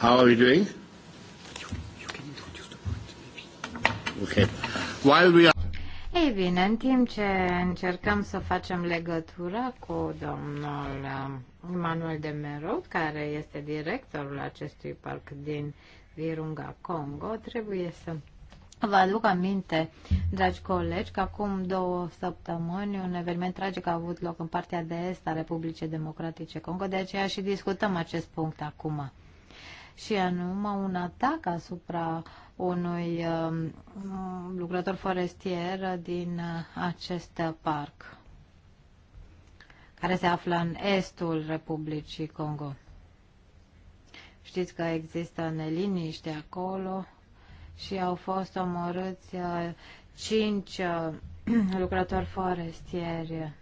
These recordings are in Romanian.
How are we doing? okay. While we are... Ei bine, în timp ce încercăm să facem legătura cu domnul um, Emanuel de Merod, care este directorul acestui parc din Virunga, Congo, trebuie să vă aduc aminte, dragi colegi, că acum două săptămâni un eveniment tragic a avut loc în partea de est a Republicii Democratice Congo, de aceea și discutăm acest punct acum și anume un atac asupra unui um, lucrător forestier din uh, acest parc care se află în estul Republicii Congo. Știți că există neliniște acolo și au fost omorâți uh, cinci uh, lucrători forestieri.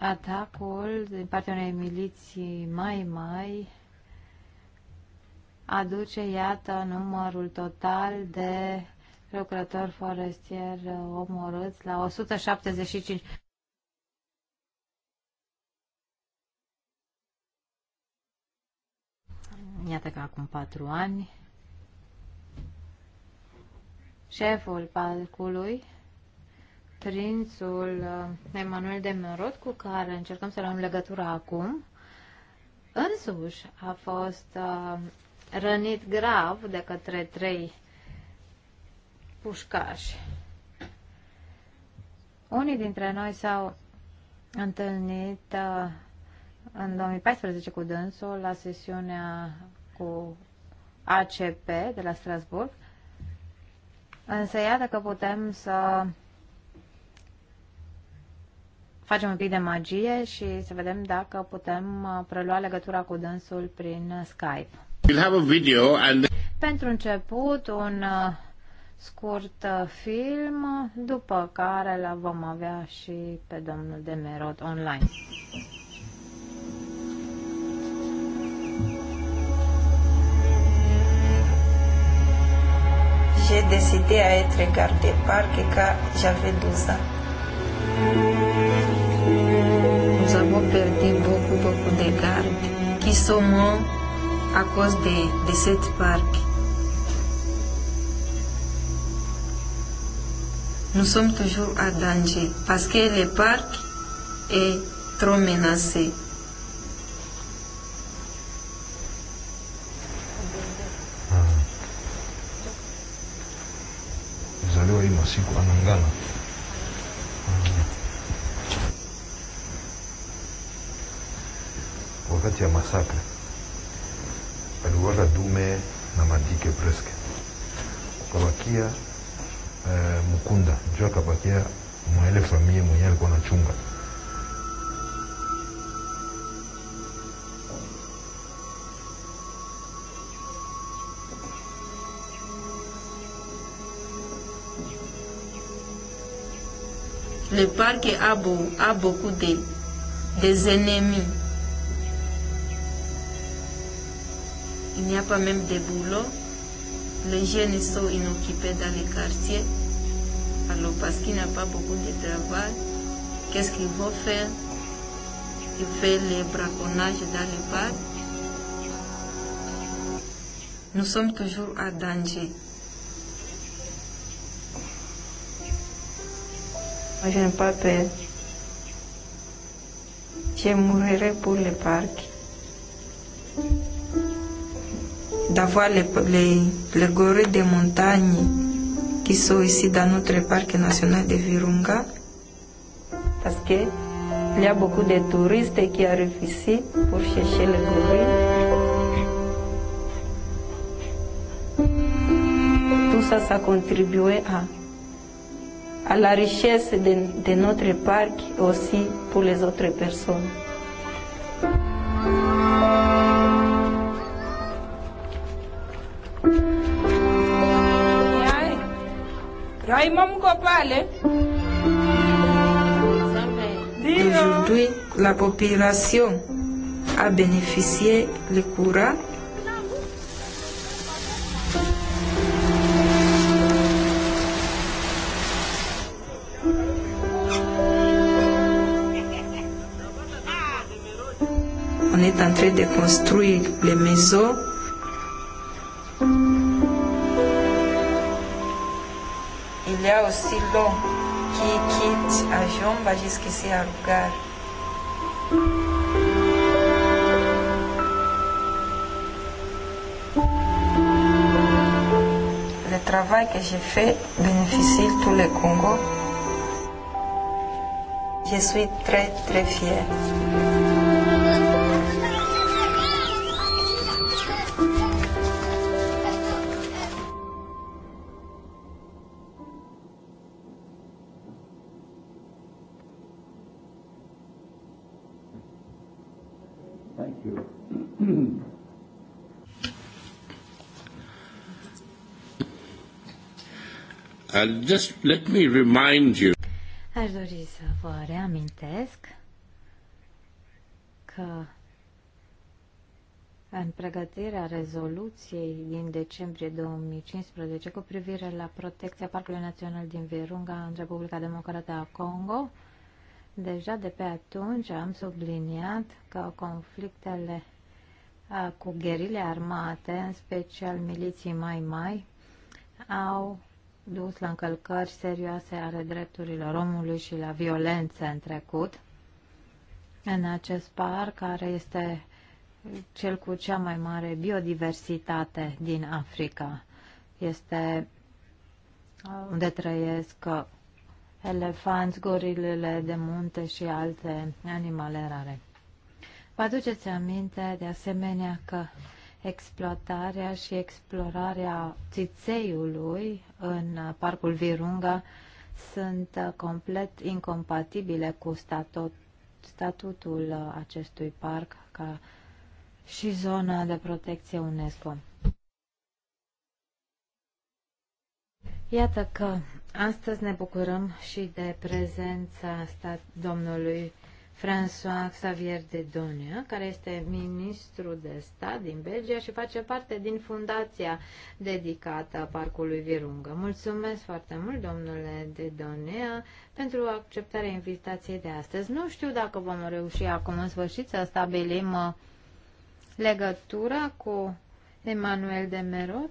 Atacul din partea unei miliții mai mai aduce, iată, numărul total de lucrători forestieri omorâți la 175. Iată că acum patru ani, șeful parcului, prințul Emanuel de Merod, cu care încercăm să luăm legătura acum, însuși a fost rănit grav de către trei pușcași. Unii dintre noi s-au întâlnit uh, în 2014 cu dânsul la sesiunea cu ACP de la Strasburg, însă iată că putem să facem un pic de magie și să vedem dacă putem uh, prelua legătura cu dânsul prin Skype. We'll have a video and... Pentru început, un uh, scurt uh, film, după care la vom avea și pe domnul Demerod online. j'ai décidé à être gardé par Keka, j'avais 12 ans. Nous avons perdu beaucoup, beaucoup de gardes qui sont morts à cause de, de cette parc. Nous sommes toujours à danger parce que le parc est trop menacé. kuzaliwa hii masiku можно думе на мандике преске. Кабакия э, Мукунда, мчо Кабакия мwaele familia mwenye alikuwa anachunga Le parc a, beau, a beaucoup de, des ennemis. Il n'y a pas même de boulot. Les jeunes sont inoccupés dans les quartiers. Alors, parce qu'il n'y a pas beaucoup de travail, qu'est-ce qu'ils vont faire Ils font les braconnages dans les parcs. Nous sommes toujours à danger. Moi, je n'ai pas peur. Je mourrai pour le parc. d'avoir les, les, les gorées des montagnes qui sont ici dans notre parc national de Virunga. Parce que il y a beaucoup de touristes qui arrivent ici pour chercher les gorilles. Tout ça, ça contribuait à, à la richesse de, de notre parc aussi pour les autres personnes. Raimam copale? Aujourd'hui, la population a bénéficié le courant On est en train de construire les maisons aussi long qui quitte avião va jusqu'ici à lugar. Le travail que j'ai fait bénéficie tout le Congo. Je suis très très fière. just let me remind you. Aș dori să vă reamintesc că în pregătirea rezoluției din decembrie 2015 cu privire la protecția Parcului Național din Virunga în Republica Democrată a Congo, deja de pe atunci am subliniat că conflictele cu gherile armate, în special miliții Mai Mai, au dus la încălcări serioase ale drepturilor omului și la violențe în trecut. În acest parc, care este cel cu cea mai mare biodiversitate din Africa, este unde trăiesc elefanți, gorilele de munte și alte animale rare. Vă aduceți aminte de asemenea că exploatarea și explorarea țițeiului în Parcul Virunga sunt complet incompatibile cu statut, statutul acestui parc ca și zona de protecție UNESCO. Iată că astăzi ne bucurăm și de prezența stat domnului François Xavier de Donia, care este ministru de stat din Belgia și face parte din fundația dedicată Parcului Virungă. Mulțumesc foarte mult, domnule de Donia, pentru acceptarea invitației de astăzi. Nu știu dacă vom reuși acum în sfârșit să stabilim uh, legătura cu Emanuel de Merod.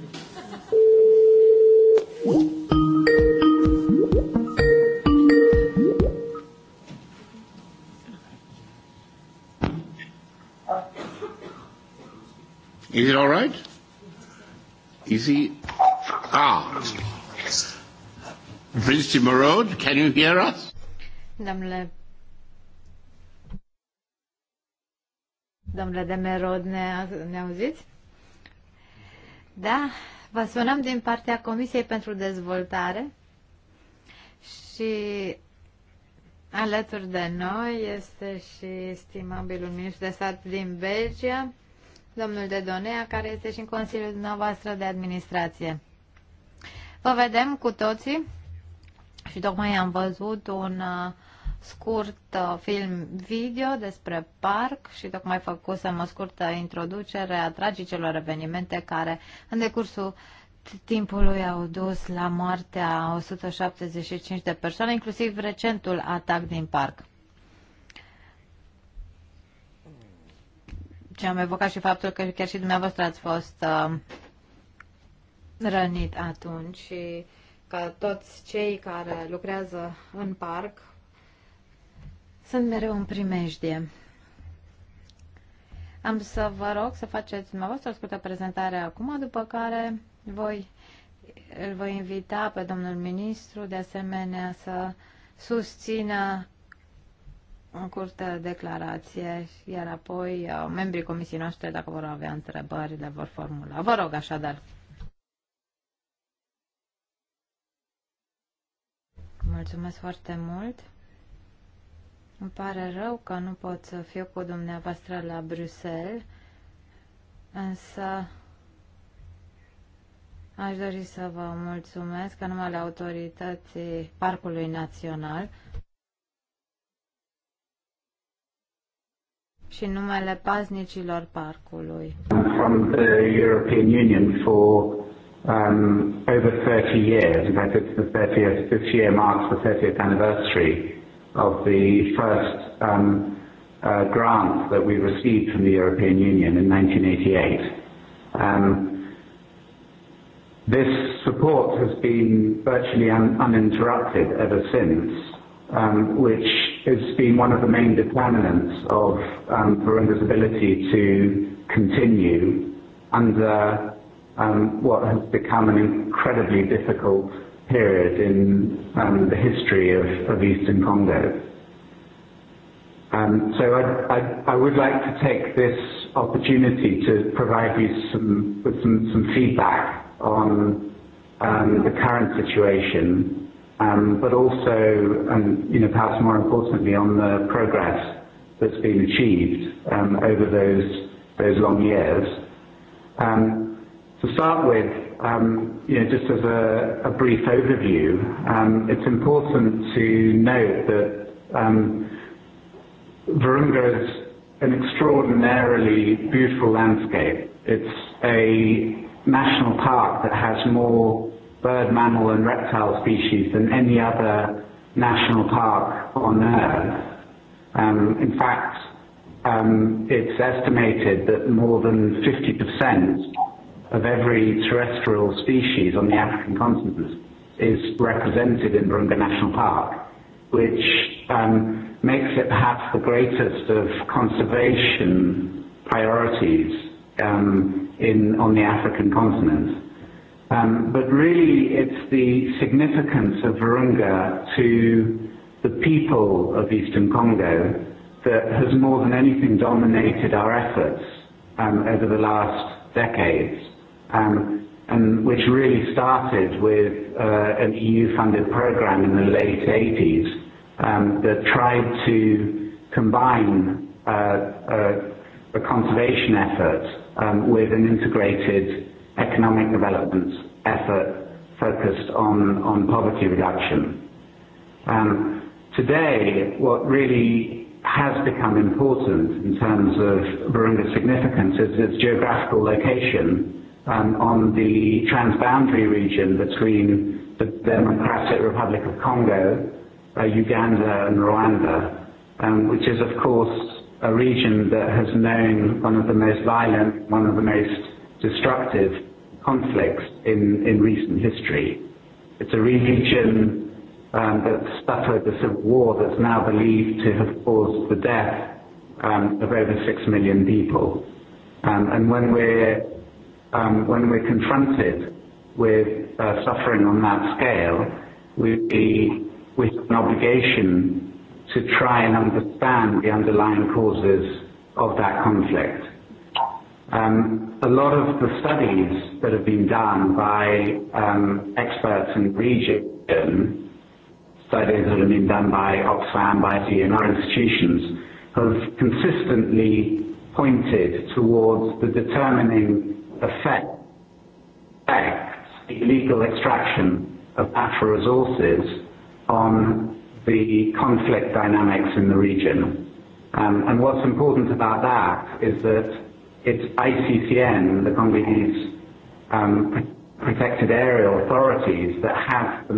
Is it all right? Is he? Ah. Vinci Timorod, can you hear us? Domnule Domnule Demerod, ne, ne auziți? Da, vă sunăm din partea Comisiei pentru Dezvoltare și alături de noi este și estimabilul ministru de stat din Belgia, domnul Dedonea, care este și în Consiliul dumneavoastră de administrație. Vă vedem cu toții și tocmai am văzut un uh, scurt uh, film video despre parc și tocmai făcusem o scurtă introducere a tragicelor evenimente care în decursul timpului au dus la moartea 175 de persoane, inclusiv recentul atac din parc. Și am evocat și faptul că chiar și dumneavoastră ați fost uh, rănit atunci și că toți cei care lucrează în parc sunt mereu în primejdie. Am să vă rog să faceți dumneavoastră o scurtă prezentare acum, după care voi, îl voi invita pe domnul ministru de asemenea să susțină o curtă declarație, iar apoi uh, membrii comisiei noastre, dacă vor avea întrebări, le vor formula. Vă rog așadar. Mulțumesc foarte mult. Îmi pare rău că nu pot să fiu cu dumneavoastră la Bruxelles, însă aș dori să vă mulțumesc în numele autorității Parcului Național și numele paznicilor parcului. From the European Union for um, over 30 years. In fact, it's the 30th, this year marks the 30th anniversary of the first um, uh, grant that we received from the European Union in 1988. Um, this support has been virtually un uninterrupted ever since, um, which has been one of the main determinants of um, Burundi's ability to continue under um, what has become an incredibly difficult period in um, the history of, of Eastern Congo. Um, so I, I, I would like to take this opportunity to provide you some, with some, some feedback on um, the current situation Um, but also, and, um, you know, perhaps more importantly, on the progress that's been achieved um, over those those long years. Um, to start with, um, you know, just as a, a brief overview, um, it's important to note that um, Virunga is an extraordinarily beautiful landscape. It's a national park that has more bird, mammal and reptile species than any other national park on Earth. Um, in fact, um, it's estimated that more than 50% of every terrestrial species on the African continent is represented in Virunga National Park, which um, makes it perhaps the greatest of conservation priorities um, in on the African continent. Um, but really, it's the significance of Virunga to the people of Eastern Congo that has more than anything dominated our efforts um, over the last decades, um, and which really started with uh, an EU-funded program in the late 80s um, that tried to combine uh, uh, a conservation effort um, with an integrated economic development effort focused on, on poverty reduction. Um, today, what really has become important in terms of Burundi's significance is its geographical location um, on the transboundary region between the Democratic Republic of Congo, uh, Uganda, and Rwanda, um, which is, of course, a region that has known one of the most violent, one of the most destructive conflicts in, in recent history. It's a region um, that suffered the civil war that's now believed to have caused the death um, of over six million people. Um, and when we're um, when we're confronted with uh, suffering on that scale, we we have an obligation to try and understand the underlying causes of that conflict. Um, a lot of the studies that have been done by um, experts in the region, studies that have been done by Oxfam, by DNR institutions, have consistently pointed towards the determining effect, effect the illegal extraction of natural resources on the conflict dynamics in the region. Um, and what's important about that is that it's ICCN, the Congolese um, Protected Area Authorities, that have the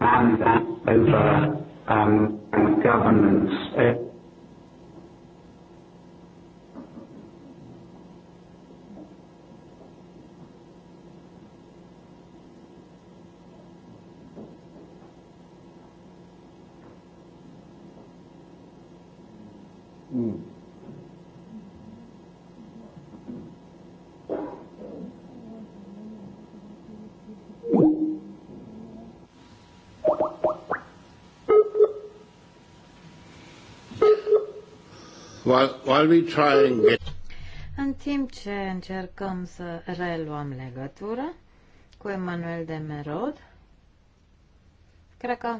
mandate over um, governance. Uh, while we try and get... În timp ce încercăm să reluăm legătura cu Emanuel de Merod, cred că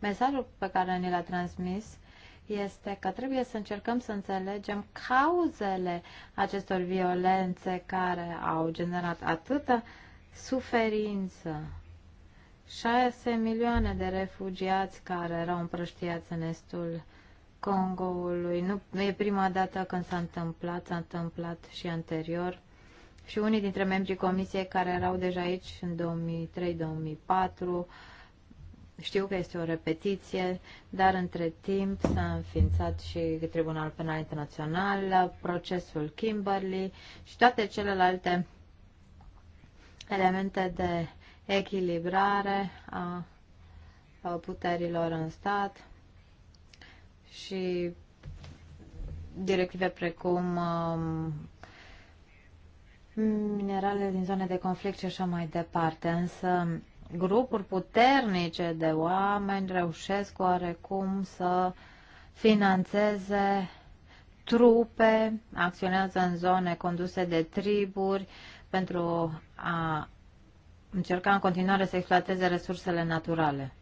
mesajul pe care ni l-a transmis uh, este că trebuie să încercăm să înțelegem cauzele acestor violențe care au generat atâta suferință. 6 milioane de refugiați care erau împrăștiați în estul Congoului. Nu, e prima dată când s-a întâmplat, s-a întâmplat și anterior. Și unii dintre membrii comisiei care erau deja aici în 2003-2004 știu că este o repetiție, dar între timp s-a înființat și Tribunal Penal Internațional, procesul Kimberley și toate celelalte elemente de echilibrare a puterilor în stat și directive precum um, minerale din zone de conflict și așa mai departe. Însă grupuri puternice de oameni reușesc oarecum să financeze trupe, acționează în zone conduse de triburi pentru a încerca în continuare să exploateze resursele naturale.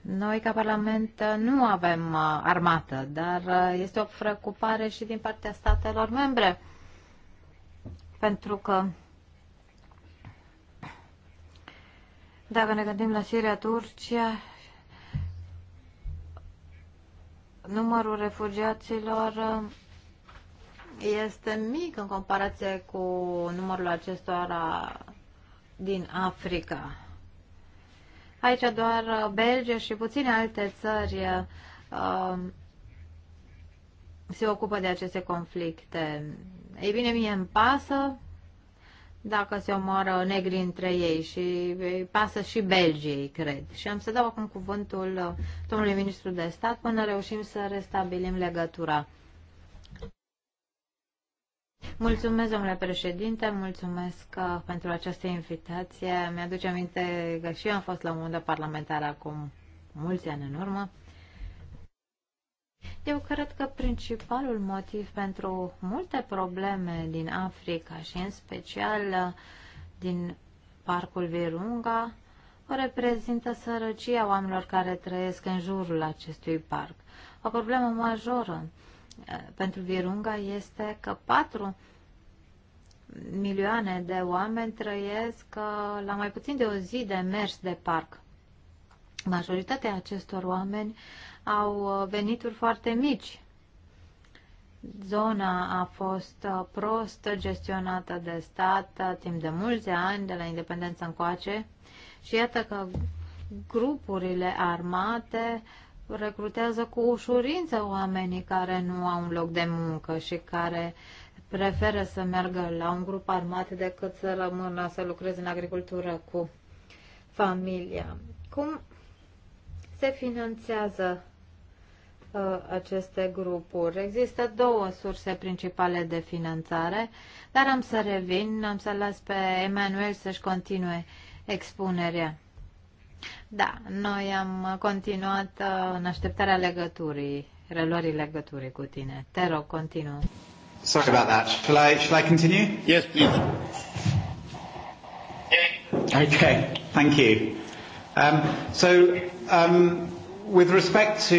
Noi, ca Parlament, nu avem uh, armată, dar uh, este o preocupare și din partea statelor membre, pentru că Dacă ne gândim la Siria, Turcia, numărul refugiaților uh, este mic în comparație cu numărul acestora din Africa. Aici doar uh, Belgia și puține alte țări uh, se ocupă de aceste conflicte. Ei bine, mie îmi pasă dacă se omoară negri între ei și pasă și Belgiei, cred. Și am să dau acum cuvântul uh, domnului ministru de stat până reușim să restabilim legătura. Mulțumesc, domnule președinte, mulțumesc uh, pentru această invitație. Mi-aduce aminte că și eu am fost la o undă parlamentară acum mulți ani în urmă eu cred că principalul motiv pentru multe probleme din Africa și în special uh, din parcul Virunga o reprezintă sărăcia oamenilor care trăiesc în jurul acestui parc. O problemă majoră uh, pentru Virunga este că patru milioane de oameni trăiesc uh, la mai puțin de o zi de mers de parc. Majoritatea acestor oameni uh, au uh, venituri foarte mici. Zona a fost uh, prost gestionată de stat uh, timp de mulți ani, de la independență încoace, și iată că grupurile armate recrutează cu ușurință oamenii care nu au un loc de muncă și care preferă să meargă la un grup armat decât să rămână să lucreze în agricultură cu familia. Cum se finanțează Uh, aceste grupuri. Există două surse principale de finanțare, dar am să revin, am să las pe Emanuel să-și continue expunerea. Da, noi am continuat uh, în așteptarea legăturii, reluării legăturii cu tine. Te rog, continuă. Sorry about that. Shall I, shall I continue? Yes, please. Okay, thank you. Um, so, um, with respect to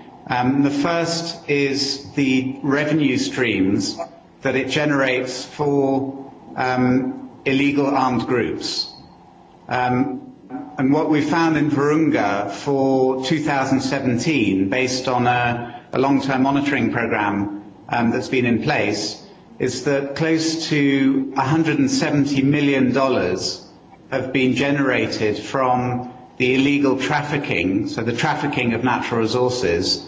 Um, the first is the revenue streams that it generates for um, illegal armed groups. Um, and what we found in Virunga for 2017, based on a, a long-term monitoring program um, that's been in place, is that close to $170 million have been generated from the illegal trafficking, so the trafficking of natural resources,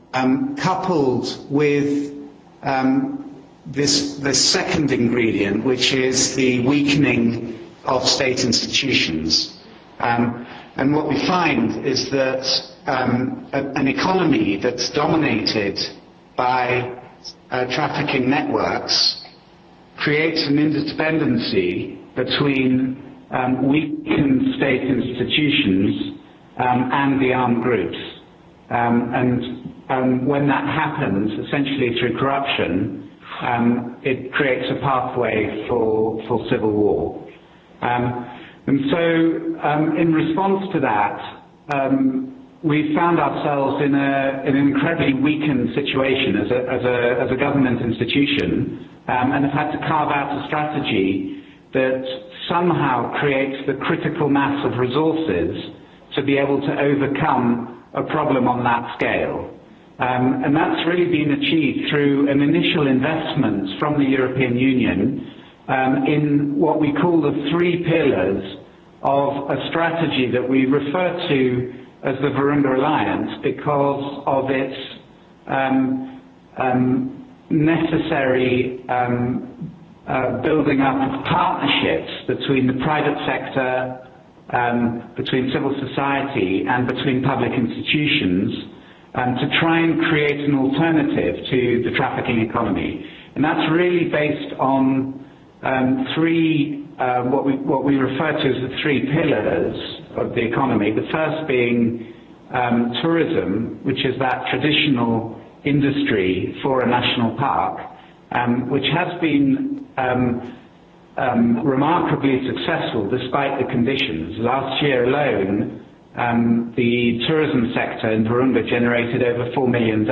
um, coupled with um, this, the second ingredient, which is the weakening of state institutions. Um, and what we find is that um, a, an economy that's dominated by uh, trafficking networks creates an interdependency between um, weakened state institutions um, and the armed groups. Um, and um, when that happens, essentially through corruption, um, it creates a pathway for, for civil war. Um, and so, um, in response to that, um, we found ourselves in, a, in an incredibly weakened situation as a, as a, as a government institution um, and have had to carve out a strategy that somehow creates the critical mass of resources to be able to overcome a problem on that scale. Um, and that's really been achieved through an initial investment from the European Union um, in what we call the three pillars of a strategy that we refer to as the Virunga Alliance because of its um, um, necessary um, uh, building up of partnerships between the private sector, um, between civil society, and between public institutions um, to try and create an alternative to the trafficking economy. And that's really based on um, three, uh, what, we, what we refer to as the three pillars of the economy. The first being um, tourism, which is that traditional industry for a national park, um, which has been um, um, remarkably successful despite the conditions. Last year alone, Um, the tourism sector in Burundi generated over $4 million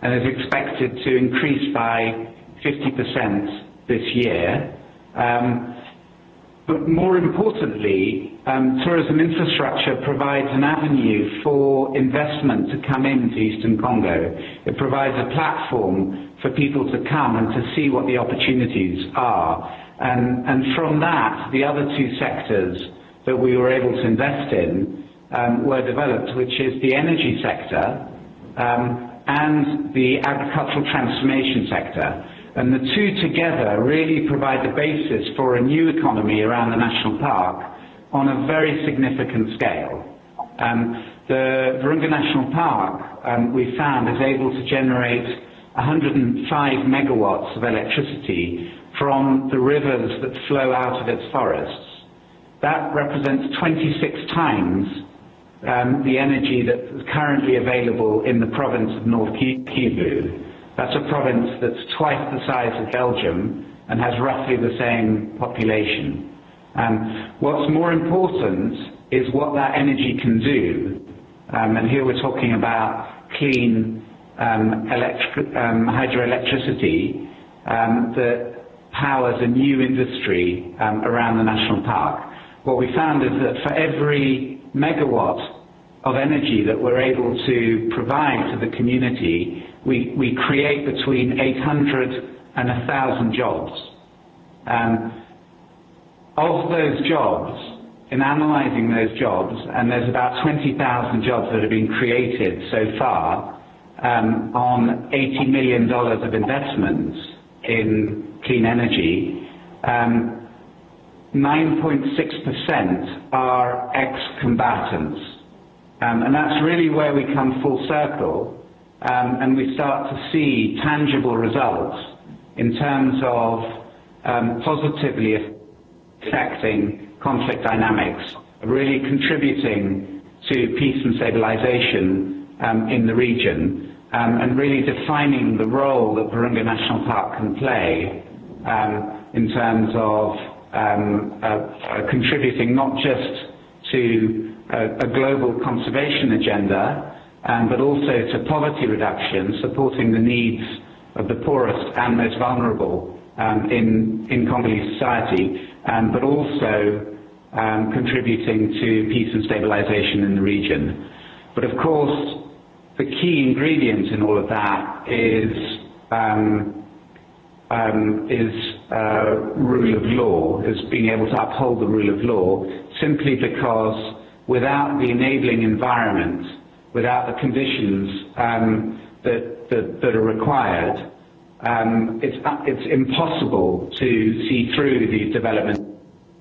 and is expected to increase by 50% this year. Um, but more importantly, um, tourism infrastructure provides an avenue for investment to come into Eastern Congo. It provides a platform for people to come and to see what the opportunities are. And, and from that, the other two sectors that we were able to invest in um, were developed, which is the energy sector um, and the agricultural transformation sector. And the two together really provide the basis for a new economy around the national park on a very significant scale. Um, the Virunga National Park, um, we found, is able to generate 105 megawatts of electricity from the rivers that flow out of its forests. That represents 26 times um, the energy that is currently available in the province of North Kivu. That's a province that's twice the size of Belgium and has roughly the same population. Um, what's more important is what that energy can do. Um, and here we're talking about clean um, um, hydroelectricity um, that powers a new industry um, around the national park what we found is that for every megawatt of energy that we're able to provide to the community, we, we create between 800 and 1,000 jobs. Um, of those jobs, in analyzing those jobs, and there's about 20,000 jobs that have been created so far um, on $80 million of investments in clean energy, um, 9.6% are ex-combatants. Um, and that's really where we come full circle um, and we start to see tangible results in terms of um, positively affecting conflict dynamics, really contributing to peace and stabilization um, in the region um, and really defining the role that Burunga National Park can play um, in terms of um, uh, uh, contributing not just to a, uh, a global conservation agenda, um, but also to poverty reduction, supporting the needs of the poorest and most vulnerable um, in, in Congolese society, um, but also um, contributing to peace and stabilization in the region. But of course, the key ingredient in all of that is um, um, is uh, rule of law, as being able to uphold the rule of law, simply because without the enabling environment, without the conditions um, that, that, that are required, um, it's, uh, it's impossible to see through these development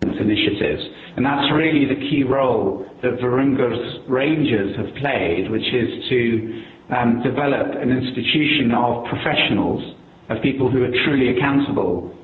initiatives. And that's really the key role that Virunga's Rangers have played, which is to um, develop an institution of professionals, of people who are truly accountable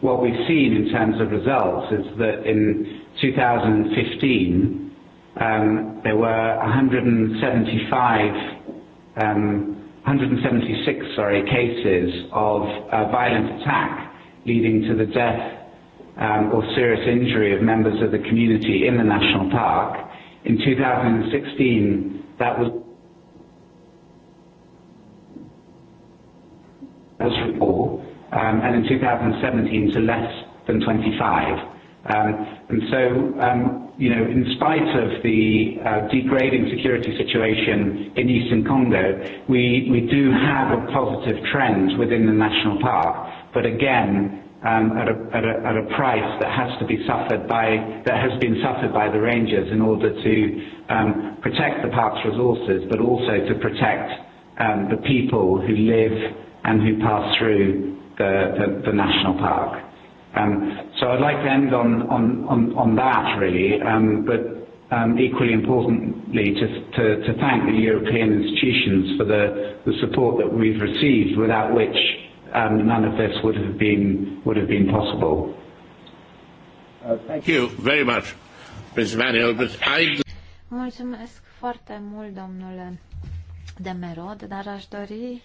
what we've seen in terms of results is that in 2015, um, there were 175, um, 176, sorry, cases of a violent attack leading to the death um, or serious injury of members of the community in the national park. In 2016, that was we four um, and in 2017 to less than 25. Um, and so, um, you know, in spite of the uh, degrading security situation in eastern Congo, we, we do have a positive trend within the national park, but again, um, at, a, at, a, at a price that has to be suffered by, that has been suffered by the rangers in order to um, protect the park's resources, but also to protect um, the people who live and who pass through the, the, the national park. Um, so I'd like to end on, on, on, on that really, um, but um, equally importantly to, to, to thank the European institutions for the, the support that we've received without which um, none of this would have been, would have been possible. Uh, thank you very much, Mr. Manuel. But I... Mulțumesc foarte mult, domnule Demerod, dar aș dori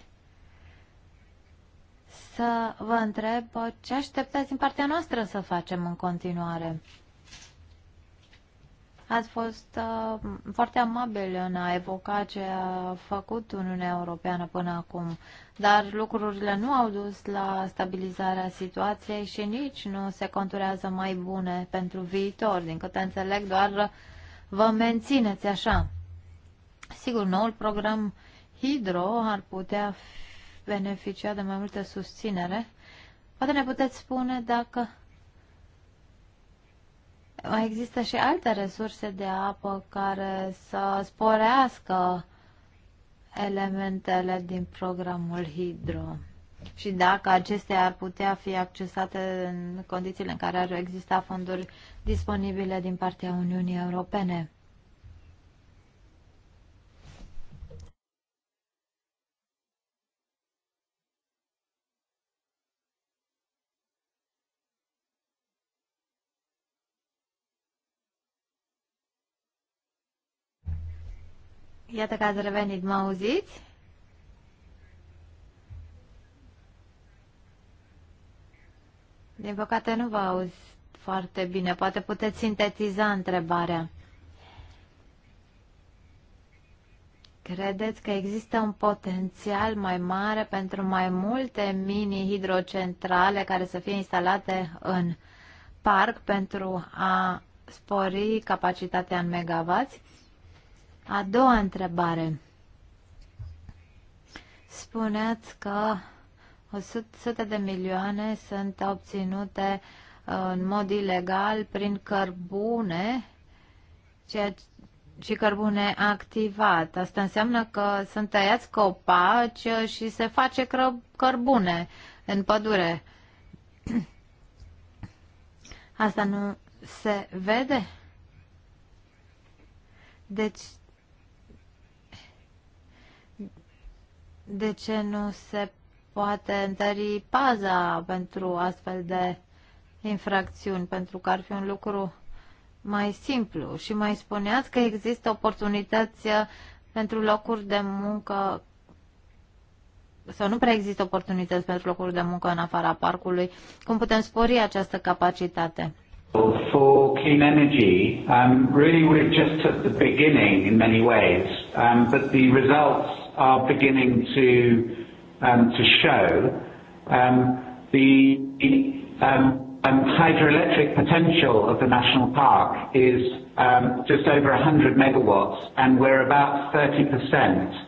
să vă întreb uh, ce așteptați din partea noastră să facem în continuare. Ați fost uh, foarte amabil în a evoca ce a făcut Uniunea Europeană până acum, dar lucrurile nu au dus la stabilizarea situației și nici nu se conturează mai bune pentru viitor. Din câte înțeleg, doar vă mențineți așa. Sigur, noul program Hidro ar putea beneficia de mai multă susținere. Poate ne puteți spune dacă mai există și alte resurse de apă care să sporească elementele din programul hidro și dacă acestea ar putea fi accesate în condițiile în care ar exista fonduri disponibile din partea Uniunii Europene. Iată că ați revenit, mă auziți? Din păcate nu vă auzi foarte bine. Poate puteți sintetiza întrebarea. Credeți că există un potențial mai mare pentru mai multe mini-hidrocentrale care să fie instalate în parc pentru a spori capacitatea în megavați? A doua întrebare. spuneți că 100 de milioane sunt obținute uh, în mod ilegal prin cărbune ceea și cărbune activat. Asta înseamnă că sunt tăiați copaci și se face cărbune în pădure. Asta nu se vede? Deci de ce nu se poate întări paza pentru astfel de infracțiuni, pentru că ar fi un lucru mai simplu. Și mai spuneați că există oportunități uh, pentru locuri de muncă sau nu prea există oportunități pentru locuri de muncă în afara parcului. Cum putem spori această capacitate? For clean energy, um, really we're just at the beginning in many ways, um, but the results are beginning to um, to show, um, the um, um, hydroelectric potential of the national park is um, just over 100 megawatts, and we're about 30%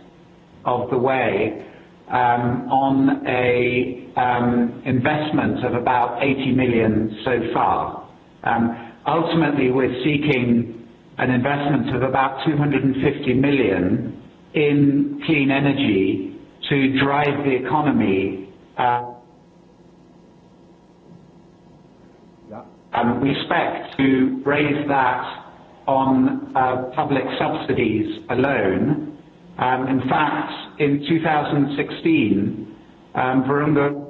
of the way um, on a um, investment of about 80 million so far. Um, ultimately, we're seeking an investment of about 250 million in clean energy to drive the economy. Uh, we expect to raise that on uh, public subsidies alone. Um, in fact, in 2016, um, Virunga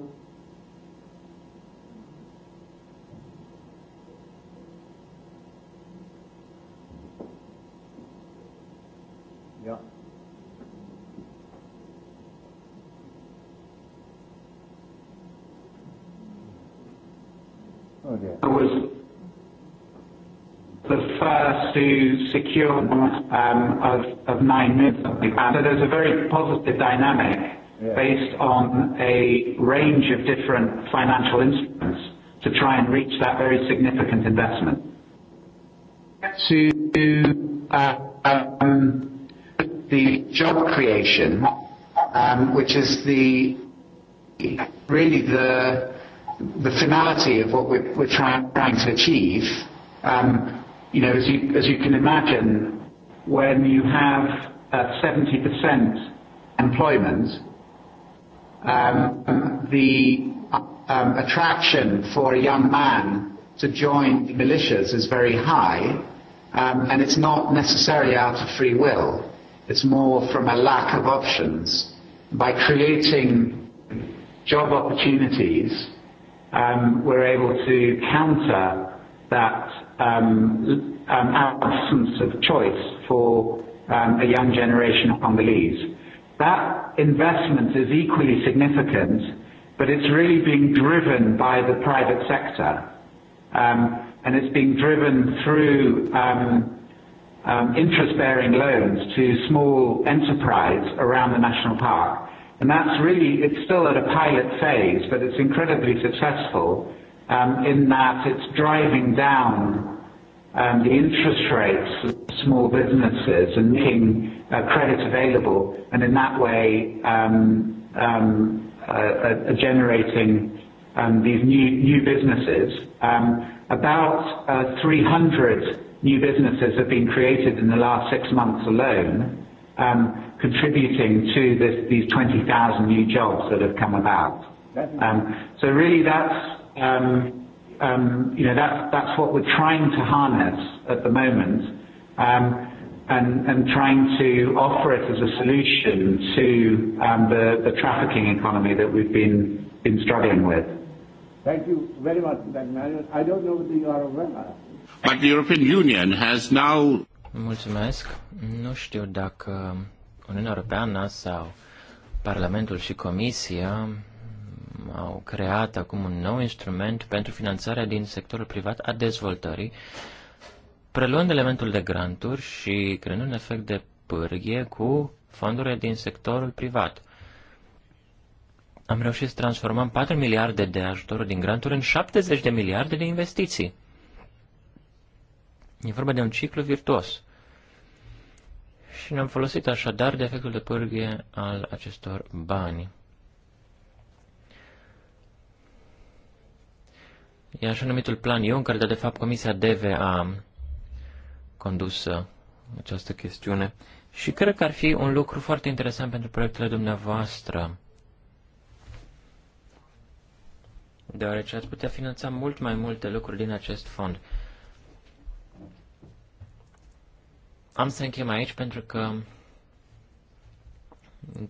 Oh Was the first to secure um, of, of nine minutes. So there's a very positive dynamic yeah. based on a range of different financial instruments to try and reach that very significant investment. To uh, um, the job creation, um, which is the really the the finality of what we're, we're trying, trying to achieve, um, you know, as you, as you can imagine, when you have uh, 70% employment, um, the um, attraction for a young man to join the militias is very high, um, and it's not necessarily out of free will. It's more from a lack of options. By creating job opportunities um, we're able to counter that um, um, absence of choice for um, a young generation of Congolese. That investment is equally significant, but it's really being driven by the private sector. Um, and it's being driven through um, um, interest-bearing loans to small enterprise around the national park and That's really, it's still at a pilot phase, but it's incredibly successful, um, in that it's driving down um, the interest rates of small businesses and making uh, credit available, and in that way, um, um, uh, uh, generating um, these new new businesses. Um, about uh, 300 new businesses have been created in the last six months alone. Um, contributing to this, these 20,000 new jobs that have come about. Um, so really that's, um, um, you know, that's what we're trying to harness at the moment um, and, and trying to offer it as a solution to um, the, the trafficking economy that we've been, been struggling with. Thank you very much, Magnus. I don't know whether you are aware. But the European Union has now... Mulțumesc. Nu știu dacă Uniunea Europeană sau Parlamentul și Comisia au creat acum un nou instrument pentru finanțarea din sectorul privat a dezvoltării, preluând elementul de granturi și creând un efect de pârghie cu fondurile din sectorul privat. Am reușit să transformăm 4 miliarde de ajutoruri din granturi în 70 de miliarde de investiții. E vorba de un ciclu virtuos și ne-am folosit așadar de efectul de pârghie al acestor bani. E așa numitul plan Juncker, dar de fapt Comisia DVA a condus uh, această chestiune și cred că ar fi un lucru foarte interesant pentru proiectele dumneavoastră, deoarece ați putea finanța mult mai multe lucruri din acest fond. Am să închem aici pentru că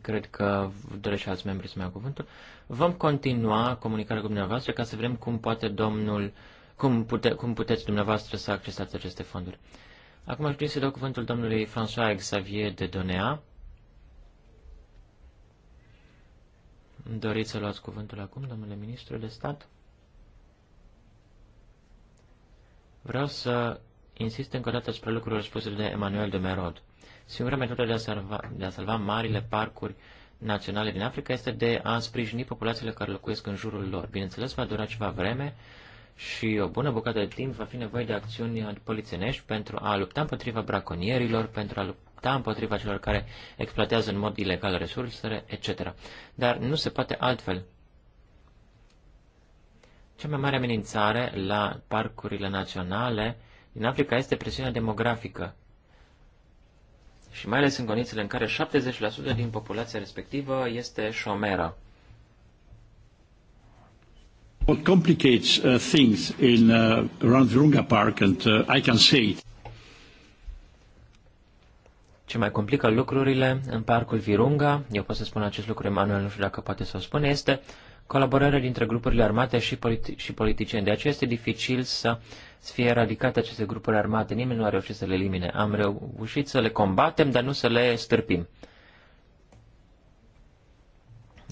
cred că doresc și alți membri să mai cuvântul. Vom continua comunicarea cu dumneavoastră ca să vedem cum poate domnul, cum, pute, cum puteți dumneavoastră să accesați aceste fonduri. Acum aș vrea să dau cuvântul domnului François Xavier de Donea. Doriți să luați cuvântul acum, domnule ministru de stat? Vreau să Insist încă o dată spre lucrurile spuse de Emanuel de Merod. Singura metodă de a, salva, de a salva marile parcuri naționale din Africa este de a sprijini populațiile care locuiesc în jurul lor. Bineînțeles, va dura ceva vreme și o bună bucată de timp va fi nevoie de acțiuni polițienești pentru a lupta împotriva braconierilor, pentru a lupta împotriva celor care exploatează în mod ilegal resursele, etc. Dar nu se poate altfel. Cea mai mare amenințare la parcurile naționale din Africa este presiunea demografică. Și mai ales în condițiile în care 70% din populația respectivă este șomeră. What complicates uh, things in uh, around Virunga Park, and uh, I can say it. Ce mai complică lucrurile în parcul Virunga, eu pot să spun acest lucru, Emanuel, nu știu dacă poate să o spune, este uh, colaborare dintre grupurile armate și, politi- și politicieni. De aceea este dificil să fie eradicate aceste grupuri armate. Nimeni nu a reușit să le elimine. Am reușit să le combatem, dar nu să le stârpim.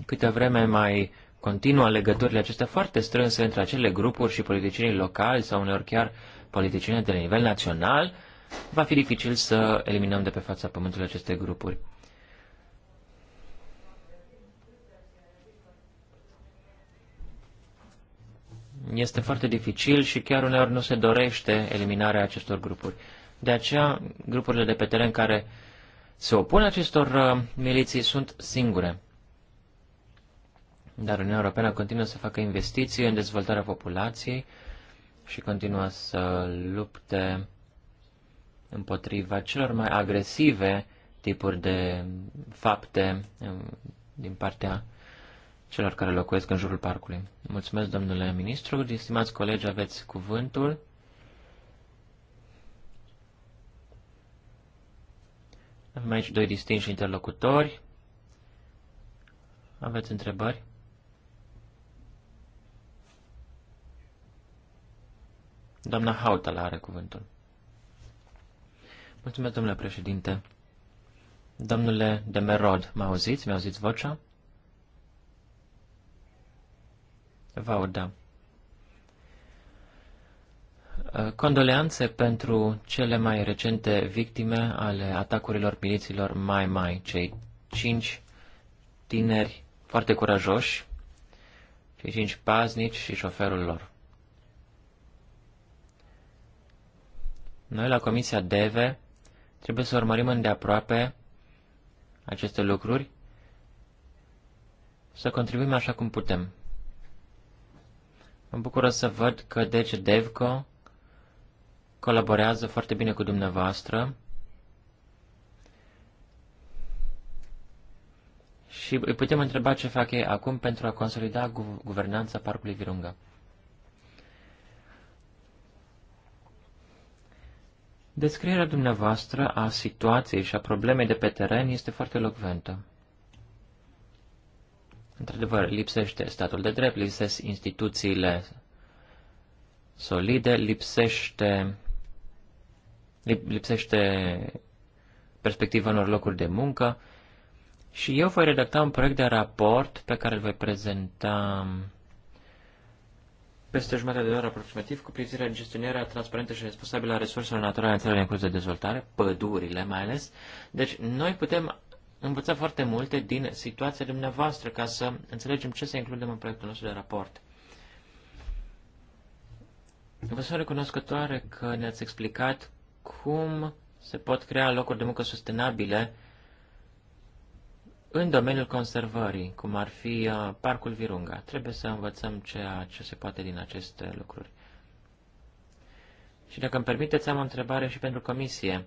Câte vreme mai continuă legăturile acestea foarte strânse între acele grupuri și politicienii locali sau uneori chiar politicienii de la nivel național, va fi dificil să eliminăm de pe fața pământului aceste grupuri. este foarte dificil și chiar uneori nu se dorește eliminarea acestor grupuri. De aceea, grupurile de pe teren care se opun acestor uh, miliții sunt singure. Dar Uniunea Europeană continuă să facă investiții în dezvoltarea populației și continuă să lupte împotriva celor mai agresive tipuri de fapte um, din partea celor care locuiesc în jurul parcului. Mulțumesc, domnule ministru. Stimați colegi, aveți cuvântul. Avem aici doi distinși interlocutori. Aveți întrebări? Doamna Hautala are cuvântul. Mulțumesc, domnule președinte. Domnule Demerod, mă auziți? Mi-auziți vocea? Vauda. Eh, condoleanțe pentru cele mai recente victime ale atacurilor miliților Mai Mai, cei cinci tineri foarte curajoși, cei cinci paznici și șoferul lor. Noi la Comisia DEVE trebuie să urmărim îndeaproape aceste lucruri, să contribuim așa cum putem. Mă bucură să văd că deci Devco colaborează foarte bine cu dumneavoastră și îi putem întreba ce fac ei acum pentru a consolida gu guvernanța Parcului Virunga. Descrierea dumneavoastră a situației și a problemei de pe teren este foarte locventă. Într-adevăr, lipsește statul de drept, lipsesc instituțiile solide, lipsește, lipsește perspectiva unor locuri de muncă și eu voi redacta un proiect de raport pe care îl voi prezenta peste jumătate de oră aproximativ cu privire gestionarea transparentă și responsabilă a resurselor naturale în țările în curs de dezvoltare, pădurile mai ales. Deci noi putem învăța foarte multe din situația dumneavoastră ca să înțelegem ce să includem în proiectul nostru de raport. Vă sunt recunoscătoare că ne-ați explicat cum se pot crea locuri de muncă sustenabile în domeniul conservării, cum ar fi uh, Parcul Virunga. Trebuie să învățăm ceea ce se poate din aceste lucruri. Și dacă îmi permiteți, am o întrebare și pentru comisie.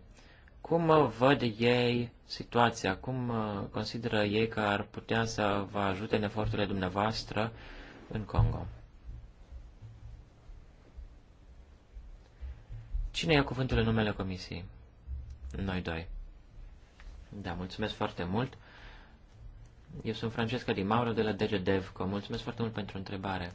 Cum văd ei situația? Cum consideră ei că ar putea să vă ajute în eforturile dumneavoastră în Congo? Cine ia cuvântul în numele comisiei? Noi doi. Da, mulțumesc foarte mult. Eu sunt Francesca Di Mauro de la DGDevco. Mulțumesc foarte mult pentru întrebare.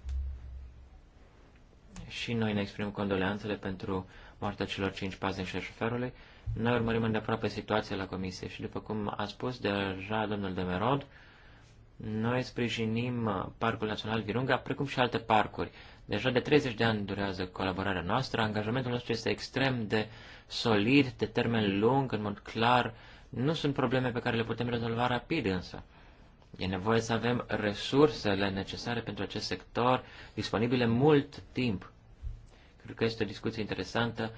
Și noi ne exprimăm condoleanțele pentru moartea celor cinci paznici ai șoferului. Noi urmărim îndeaproape situația la comisie și, după cum a spus deja domnul Demerod, noi sprijinim Parcul Național Virunga, precum și alte parcuri. Deja de 30 de ani durează colaborarea noastră, angajamentul nostru este extrem de solid, de termen lung, în mod clar. Nu sunt probleme pe care le putem rezolva rapid însă. E nevoie să avem resursele necesare pentru acest sector disponibile mult timp. Cred că este o discuție interesantă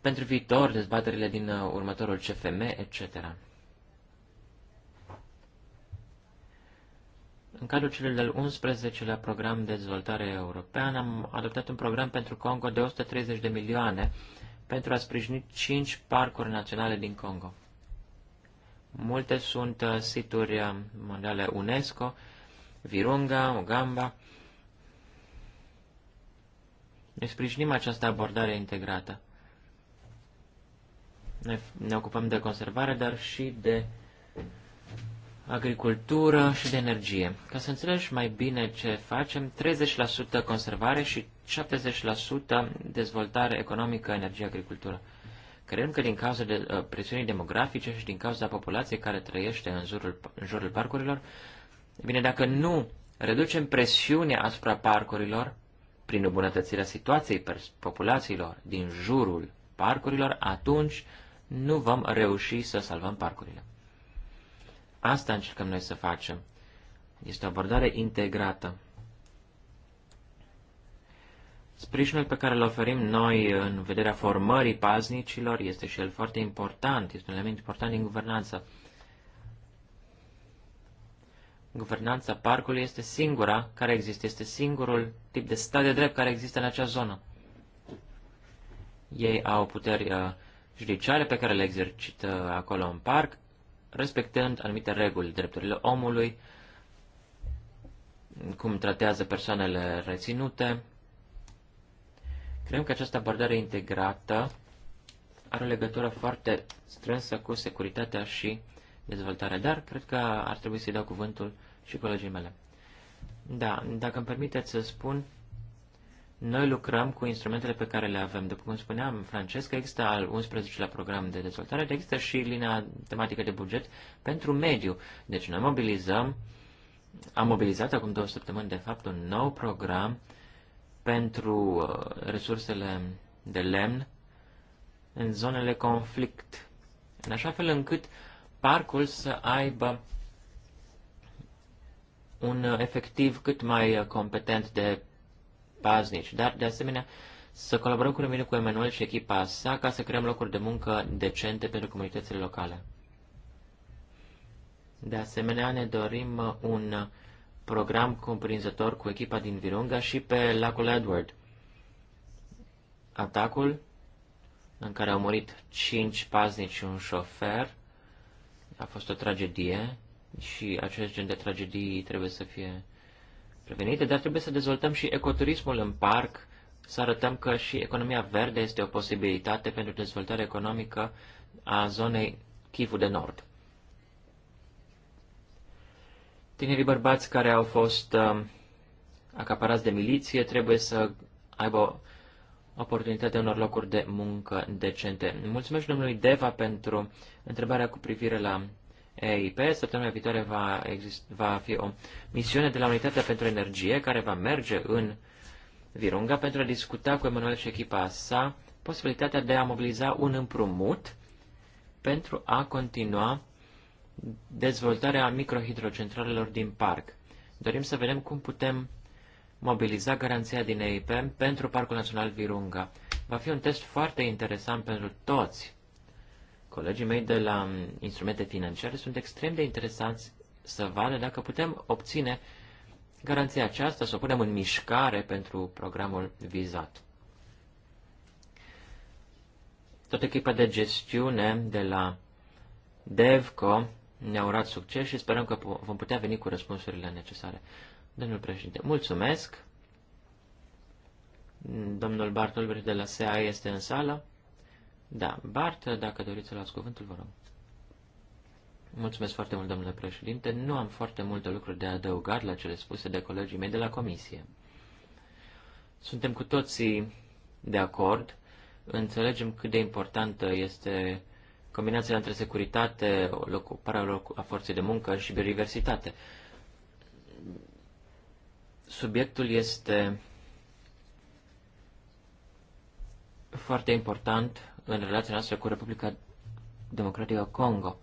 pentru viitor, dezbaterile din uh, următorul CFM, etc. În cadrul celui de-al 11-lea program de dezvoltare european am adoptat un program pentru Congo de 130 de milioane pentru a sprijini 5 parcuri naționale din Congo. Multe sunt uh, situri uh, mondiale UNESCO, Virunga, Ugamba. Ne sprijinim această abordare integrată. Ne, ne ocupăm de conservare, dar și de agricultură și de energie. Ca să înțelegi mai bine ce facem, 30% conservare și 70% dezvoltare economică, energie, agricultură. Credem că din cauza de, uh, presiunii demografice și din cauza populației care trăiește în jurul, în jurul parcurilor, bine, dacă nu reducem presiunea asupra parcurilor, prin îmbunătățirea situației populațiilor din jurul parcurilor, atunci nu vom reuși să salvăm parcurile. Asta încercăm noi să facem. Este o abordare integrată. Sprijinul pe care îl oferim noi în vederea formării paznicilor este și el foarte important, este un element important din guvernanță. Guvernanța parcului este singura care există, este singurul tip de stat de drept care există în acea zonă. Ei au puteri uh, judiciare pe care le exercită acolo în parc, respectând anumite reguli, drepturile omului, cum tratează persoanele reținute. Credem că această abordare integrată are o legătură foarte strânsă cu securitatea și dezvoltarea, dar cred că ar trebui să-i dau cuvântul și colegii mele. Da, dacă îmi permiteți să spun, noi lucrăm cu instrumentele pe care le avem. După cum spuneam, Francesca, există al 11-lea program de dezvoltare, dar există și linia tematică de buget pentru mediu. Deci noi mobilizăm, am mobilizat acum două săptămâni, de fapt, un nou program pentru uh, resursele de lemn în zonele conflict, în așa fel încât parcul să aibă un efectiv cât mai competent de paznici, dar de asemenea să colaborăm cu mine cu Emanuel și echipa sa ca să creăm locuri de muncă decente pentru comunitățile locale. De asemenea, ne dorim un program cuprinzător cu echipa din Virunga și pe lacul Edward. Atacul, în care au murit cinci paznici și un șofer, a fost o tragedie și acest gen de tragedii trebuie să fie prevenite, dar trebuie să dezvoltăm și ecoturismul în parc, să arătăm că și economia verde este o posibilitate pentru dezvoltarea economică a zonei Chivu de Nord. Tinerii bărbați care au fost uh, acaparați de miliție trebuie să aibă oportunitatea unor locuri de muncă decente. Mulțumesc domnului Deva pentru întrebarea cu privire la EIP. Săptămâna viitoare va, exist, va fi o misiune de la Unitatea pentru Energie care va merge în Virunga pentru a discuta cu Emanuel și echipa sa posibilitatea de a mobiliza un împrumut pentru a continua dezvoltarea microhidrocentralelor din parc. Dorim să vedem cum putem mobiliza garanția din EIP pentru Parcul Național Virunga. Va fi un test foarte interesant pentru toți Colegii mei de la instrumente financiare sunt extrem de interesați să vadă dacă putem obține garanția aceasta, să o punem în mișcare pentru programul vizat. Tot echipa de gestiune de la DEVCO ne-a urat succes și sperăm că vom putea veni cu răspunsurile necesare. Domnul președinte, mulțumesc! Domnul Bartolbrich de la SEA este în sală. Da, Bart, dacă doriți să luați cuvântul, vă rog. Mulțumesc foarte mult, domnule președinte. Nu am foarte multe lucruri de adăugat la cele spuse de colegii mei de la comisie. Suntem cu toții de acord, înțelegem cât de importantă este combinația între securitate, ocuparea a forței de muncă și biodiversitate. Subiectul este foarte important în relația noastră cu Republica Democratică Congo.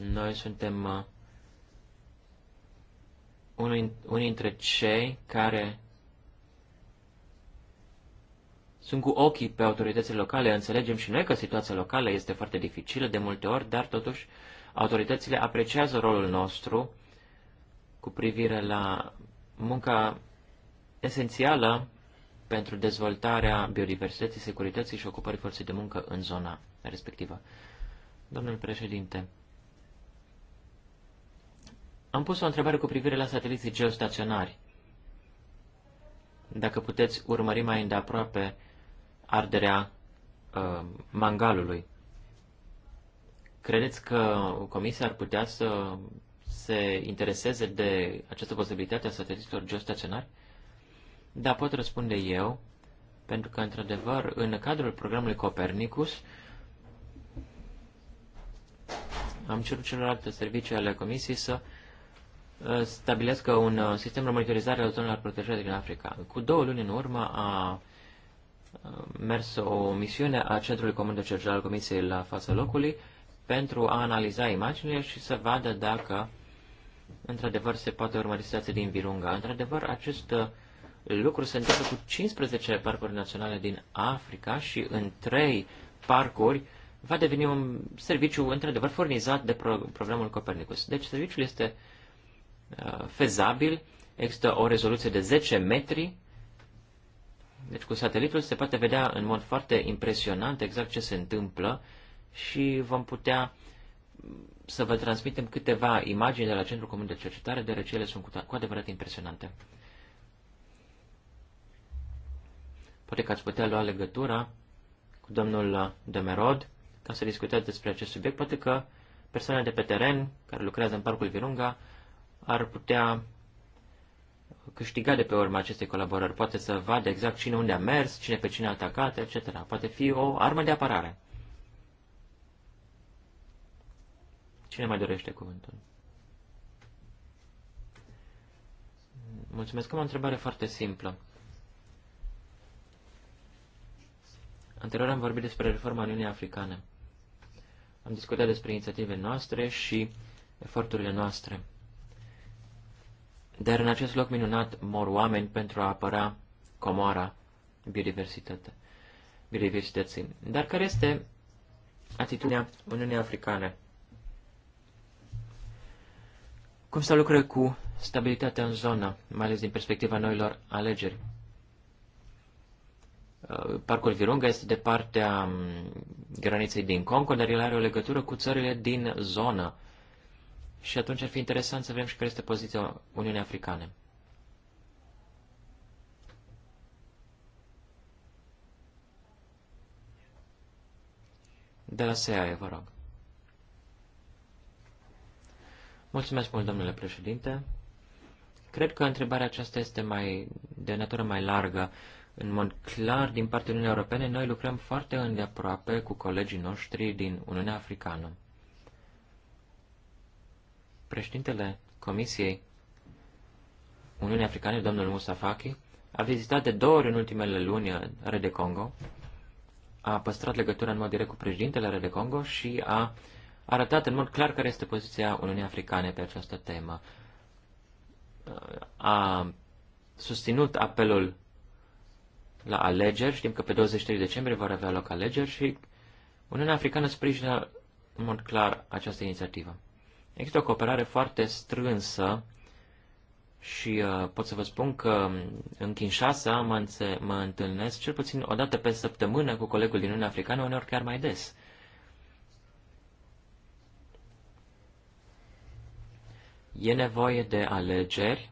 Noi suntem uh, unii dintre cei care sunt cu ochii pe autoritățile locale. Înțelegem și noi că situația locală este foarte dificilă de multe ori, dar totuși autoritățile apreciază rolul nostru cu privire la munca esențială pentru dezvoltarea biodiversității, securității și ocupării forței de muncă în zona respectivă. Domnul președinte, am pus o întrebare cu privire la sateliții geostaționari. Dacă puteți urmări mai îndeaproape arderea uh, mangalului, credeți că Comisia ar putea să se intereseze de această posibilitate a sateliților geostaționari? Da, pot răspunde eu, pentru că, într-adevăr, în cadrul programului Copernicus, am cerut celorlalte servicii ale Comisiei să uh, stabilească un uh, sistem de monitorizare al zonelor protejate din Africa. Cu două luni în urmă a uh, mers o misiune a Centrului Comun de Cercetare al Comisiei la fața locului pentru a analiza imaginile și să vadă dacă într-adevăr se poate urmări situația din Virunga. Într-adevăr, acest lucru se întâmplă cu 15 parcuri naționale din Africa și în 3 parcuri va deveni un serviciu într-adevăr furnizat de pro- programul Copernicus. Deci serviciul este uh, fezabil, există o rezoluție de 10 metri, deci cu satelitul se poate vedea în mod foarte impresionant exact ce se întâmplă și vom putea mm, să vă transmitem câteva imagini de la Centrul Comun de Cercetare, deoarece ele sunt cu adevărat impresionante. Poate că ați putea lua legătura cu domnul Demerod ca să discutați despre acest subiect. Poate că persoanele de pe teren care lucrează în Parcul Virunga ar putea câștiga de pe urma acestei colaborări. Poate să vadă exact cine unde a mers, cine pe cine a atacat, etc. Poate fi o armă de apărare. Cine mai dorește cuvântul? Mulțumesc. Am o întrebare foarte simplă. Anterior am vorbit despre reforma Uniunii Africane. Am discutat despre inițiativele noastre și eforturile noastre. Dar în acest loc minunat mor oameni pentru a apăra comoara biodiversitate, biodiversității. Dar care este atitudinea Uniunii Africane? Cum se lucrează cu stabilitatea în zonă, mai ales din perspectiva noilor alegeri? Uh, Parcul Virunga este de partea mm, graniței din Congo, dar el are o legătură cu țările din zonă. Și atunci ar fi interesant să vedem și care este poziția Uniunii Africane. De la SEAE, vă rog. Mulțumesc mult, domnule președinte. Cred că întrebarea aceasta este mai de natură mai largă în mod clar din partea Uniunii Europene, noi lucrăm foarte îndeaproape cu colegii noștri din Uniunea Africană. Președintele Comisiei Uniunii Africane, domnul Musafaki, a vizitat de două ori în ultimele luni Rede Congo, a păstrat legătura în mod direct cu președintele Rede Congo și a arătat în mod clar care este poziția Uniunii Africane pe această temă. A susținut apelul la alegeri. Știm că pe 23 decembrie vor avea loc alegeri și Uniunea Africană sprijină în mod clar această inițiativă. Există o cooperare foarte strânsă și uh, pot să vă spun că în Kinshasa mă, înțe- mă întâlnesc cel puțin o dată pe săptămână cu colegul din Uniunea Africană, uneori chiar mai des. E nevoie de alegeri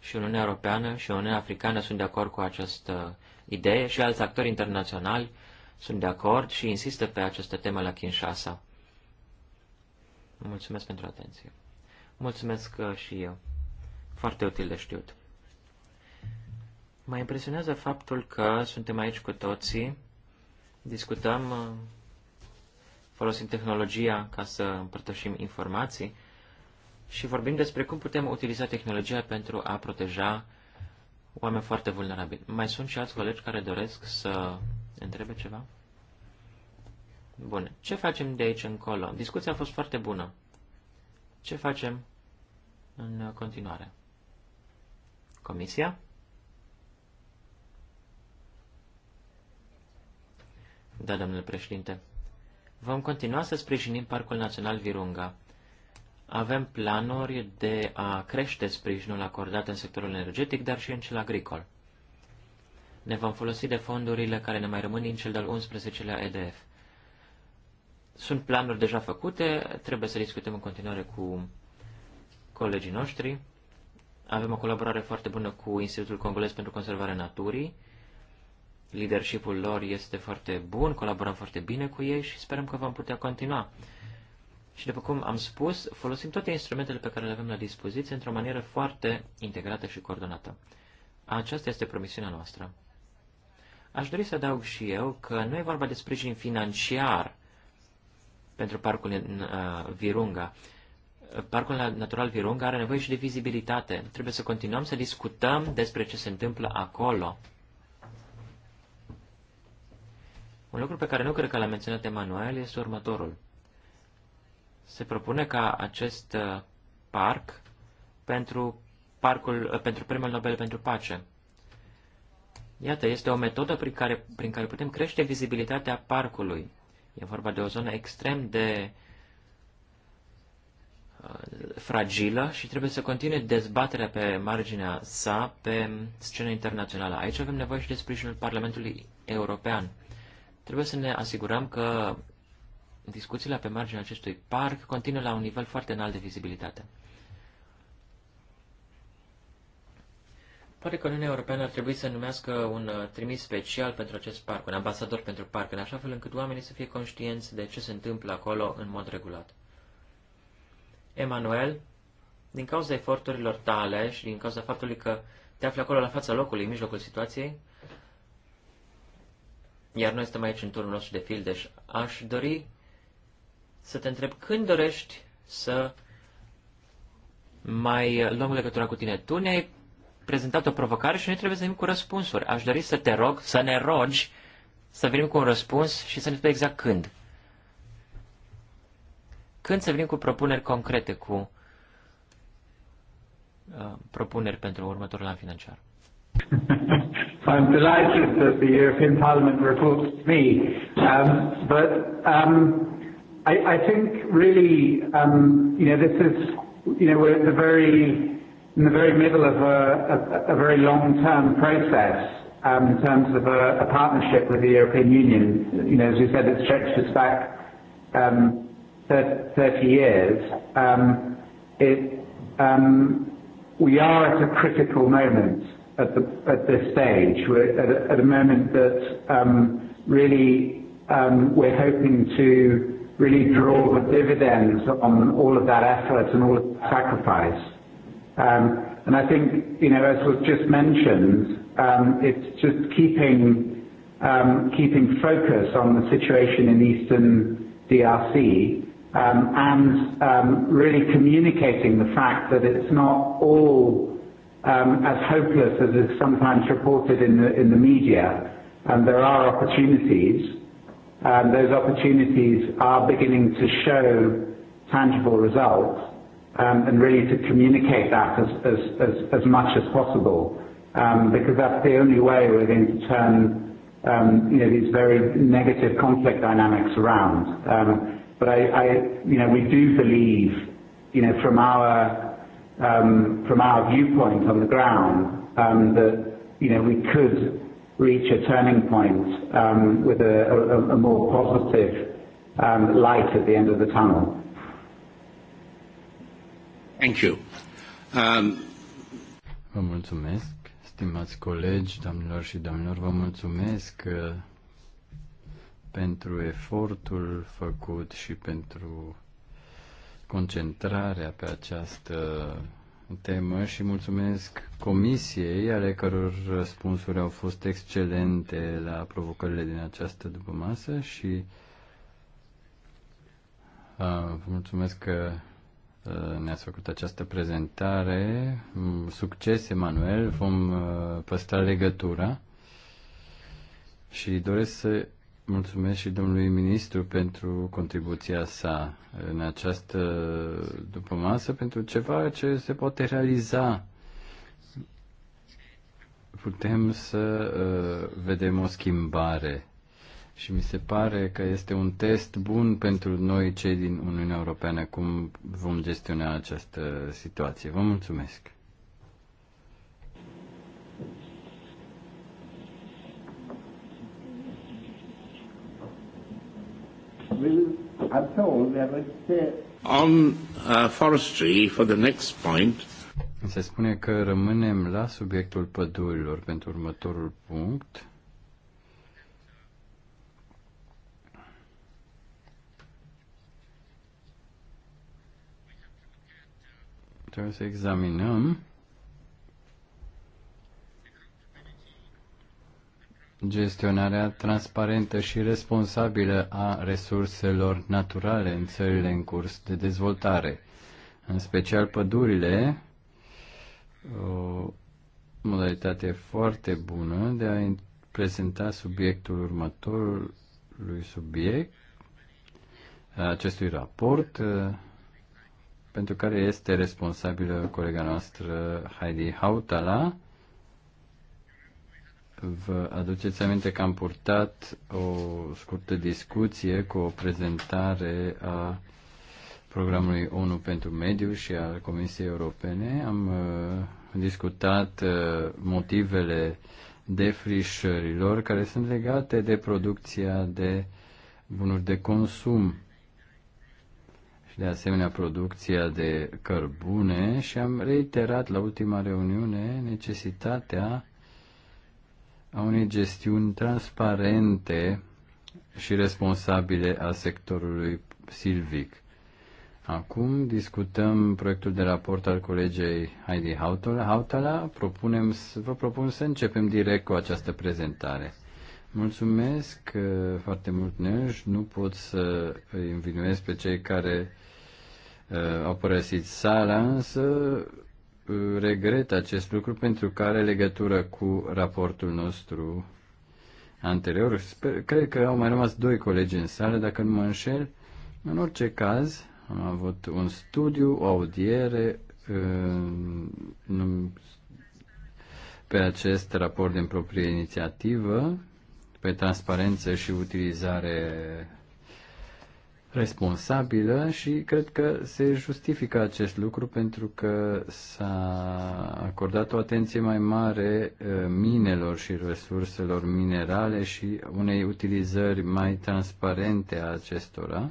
și Uniunea Europeană și Uniunea Africană sunt de acord cu această idee și alți actori internaționali sunt de acord și insistă pe această temă la Kinshasa. Mulțumesc pentru atenție. Mulțumesc uh, și eu. Foarte util de știut. Mă impresionează faptul că suntem aici cu toții, discutăm, uh, folosim tehnologia ca să împărtășim informații, și vorbim despre cum putem utiliza tehnologia pentru a proteja oameni foarte vulnerabili. Mai sunt și alți colegi care doresc să întrebe ceva? Bun. Ce facem de aici încolo? Discuția a fost foarte bună. Ce facem în continuare? Comisia? Da, domnule președinte. Vom continua să sprijinim Parcul Național Virunga avem planuri de a crește sprijinul acordat în sectorul energetic, dar și în cel agricol. Ne vom folosi de fondurile care ne mai rămân din cel de-al 11-lea EDF. Sunt planuri deja făcute, trebuie să discutăm în continuare cu colegii noștri. Avem o colaborare foarte bună cu Institutul Congolez pentru Conservarea Naturii. Leadershipul lor este foarte bun, colaborăm foarte bine cu ei și sperăm că vom putea continua. Și după cum am spus, folosim toate instrumentele pe care le avem la dispoziție într-o manieră foarte integrată și coordonată. Aceasta este promisiunea noastră. Aș dori să adaug și eu că nu e vorba de sprijin financiar pentru parcul în uh, Virunga. Parcul Natural Virunga are nevoie și de vizibilitate. Trebuie să continuăm să discutăm despre ce se întâmplă acolo. Un lucru pe care nu cred că l-a menționat Emanuel este următorul se propune ca acest uh, parc pentru, parcul, uh, pentru Premiul Nobel pentru Pace. Iată, este o metodă prin care, prin care putem crește vizibilitatea parcului. E vorba de o zonă extrem de uh, fragilă și trebuie să continue dezbaterea pe marginea sa pe scena internațională. Aici avem nevoie și de sprijinul Parlamentului European. Trebuie să ne asigurăm că discuțiile pe marginea acestui parc continuă la un nivel foarte înalt de vizibilitate. Poate că Uniunea Europeană ar trebui să numească un uh, trimis special pentru acest parc, un ambasador pentru parc, în așa fel încât oamenii să fie conștienți de ce se întâmplă acolo în mod regulat. Emanuel, din cauza eforturilor tale și din cauza faptului că te afli acolo la fața locului, în mijlocul situației, iar noi suntem aici în turnul nostru de fildeș, aș dori să te întreb când dorești să mai luăm legătura cu tine. Tu ne-ai prezentat o provocare și noi trebuie să venim cu răspunsuri. Aș dori să te rog, să ne rogi, să venim cu un răspuns și să ne spui exact când. Când să venim cu propuneri concrete, cu uh, propuneri pentru următorul an financiar? I'm delighted that the European Parliament reports to me, um, but um, I think really, um, you you know, know, this is, we're in the very middle of a very long-term process um, in terms of a partnership with the European Union. You know, As you said, it stretches back 30 um, years. We are at a critical moment at this stage. We're at a moment that really we're hoping to really drove dividends on all of that effort and all of that sacrifice. Um, and I think, you know, as was just mentioned, um, it's just keeping um, keeping focus on the situation in Eastern DRC um, and um, really communicating the fact that it's not all um, as hopeless as is sometimes reported in the in the media. And um, there are opportunities um, those opportunities are beginning to show tangible results, um, and really to communicate that as as as as much as possible, um, because that's the only way we're going to turn um, you know, these very negative conflict dynamics around. Um, but I, I, you know, we do believe, you know, from our um, from our viewpoint on the ground, um, that you know we could reach a turning point um, with a more positive um, light at the end of the tunnel. Thank you. Um... Vă mulțumesc, stimați colegi, doamnelor și domnilor, vă mulțumesc uh, pentru efortul făcut și pentru concentrarea pe această temă și mulțumesc Comisiei, ale căror răspunsuri au fost excelente la provocările din această dupămasă și uh, vă mulțumesc că uh, ne-ați făcut această prezentare. Mm, succes, Emanuel, vom uh, păstra legătura și doresc să mulțumesc și domnului ministru pentru contribuția sa în această dupămasă, pentru ceva ce se poate realiza. Putem să uh, vedem o schimbare și mi se pare că este un test bun pentru noi, cei din Uniunea Europeană, cum vom gestiona această situație. Vă mulțumesc! will, I'm told, we are on uh, forestry for the next point. Se spune că rămânem la subiectul pădurilor pentru următorul punct. Trebuie să examinăm gestionarea transparentă și responsabilă a resurselor naturale în țările în curs de dezvoltare, în special pădurile, o modalitate foarte bună de a prezenta subiectul următorului subiect acestui raport pentru care este responsabilă colega noastră Heidi Hautala Vă aduceți aminte că am purtat o scurtă discuție cu o prezentare a programului ONU pentru mediu și al Comisiei Europene. Am uh, discutat uh, motivele defrișărilor care sunt legate de producția de bunuri de consum și de asemenea producția de cărbune și am reiterat la ultima reuniune necesitatea a unei gestiuni transparente și responsabile a sectorului silvic. Acum discutăm proiectul de raport al colegei Heidi Hautala. Hautala propunem, vă propun să începem direct cu această prezentare. Mulțumesc uh, foarte mult Neuș. Nu pot să îi învinuiesc pe cei care uh, au părăsit sala, însă regret acest lucru pentru că are legătură cu raportul nostru anterior. Sper, cred că au mai rămas doi colegi în sală, dacă nu mă înșel. În orice caz, am avut un studiu, o audiere pe acest raport din proprie inițiativă, pe transparență și utilizare responsabilă și cred că se justifică acest lucru pentru că s-a acordat o atenție mai mare uh, minelor și resurselor minerale și unei utilizări mai transparente a acestora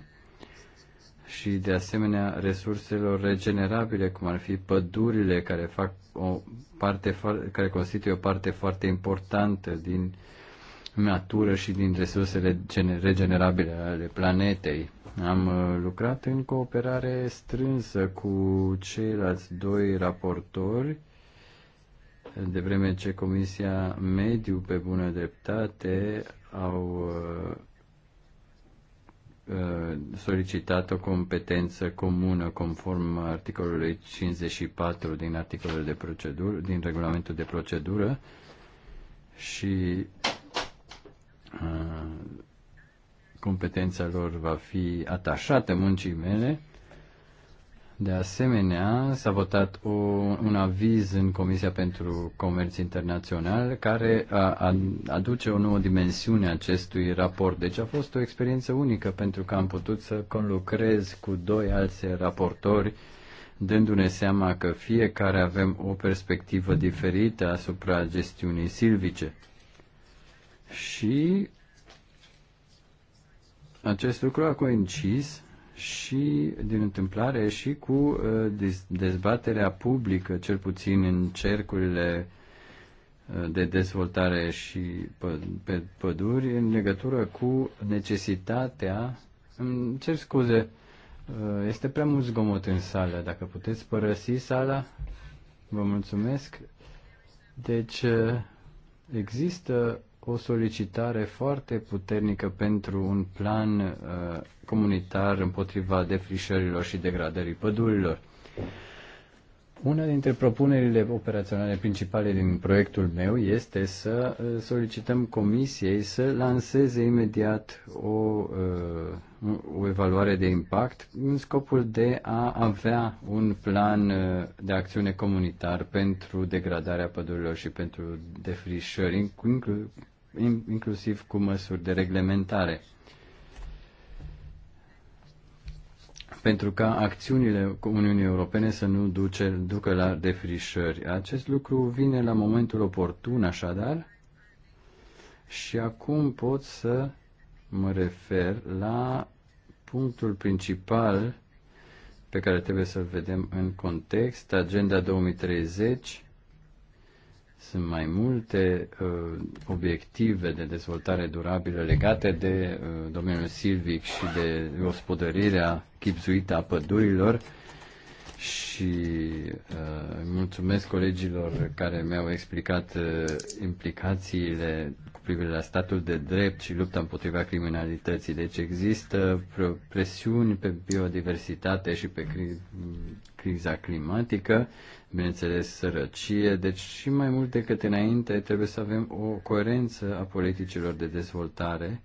și de asemenea resurselor regenerabile, cum ar fi pădurile care fac o parte care constituie o parte foarte importantă din natură și din resursele regenerabile ale planetei am uh, lucrat în cooperare strânsă cu ceilalți doi raportori, de vreme ce Comisia Mediu pe bună dreptate au uh, uh, solicitat o competență comună conform articolului 54 din articolul de procedură, din regulamentul de procedură și competența lor va fi atașată muncii mele. De asemenea, s-a votat o, un aviz în Comisia pentru Comerț Internațional care a, a, aduce o nouă dimensiune acestui raport. Deci a fost o experiență unică pentru că am putut să conlucrez cu doi alți raportori dându-ne seama că fiecare avem o perspectivă diferită asupra gestiunii silvice. Și acest lucru a coincis și din întâmplare și cu uh, dezbaterea publică, cel puțin în cercurile uh, de dezvoltare și pe păduri, în legătură cu necesitatea, îmi cer scuze, uh, este prea mult zgomot în sală, dacă puteți părăsi sala, vă mulțumesc. Deci există o solicitare foarte puternică pentru un plan uh, comunitar împotriva defrișărilor și degradării pădurilor. Una dintre propunerile operaționale principale din proiectul meu este să uh, solicităm comisiei să lanseze imediat o, uh, o evaluare de impact în scopul de a avea un plan uh, de acțiune comunitar pentru degradarea pădurilor și pentru defrișări, inclusiv cu măsuri de reglementare. pentru ca acțiunile Uniunii Europene să nu duce, ducă la defrișări. Acest lucru vine la momentul oportun, așadar, și acum pot să mă refer la punctul principal pe care trebuie să-l vedem în context, Agenda 2030, sunt mai multe uh, obiective de dezvoltare durabilă legate de uh, domeniul silvic și de gospodărirea chipzuită a pădurilor și uh, mulțumesc colegilor care mi-au explicat uh, implicațiile privire la statul de drept și lupta împotriva criminalității. Deci există presiuni pe biodiversitate și pe cri- criza climatică, bineînțeles sărăcie, deci și mai mult decât înainte trebuie să avem o coerență a politicilor de dezvoltare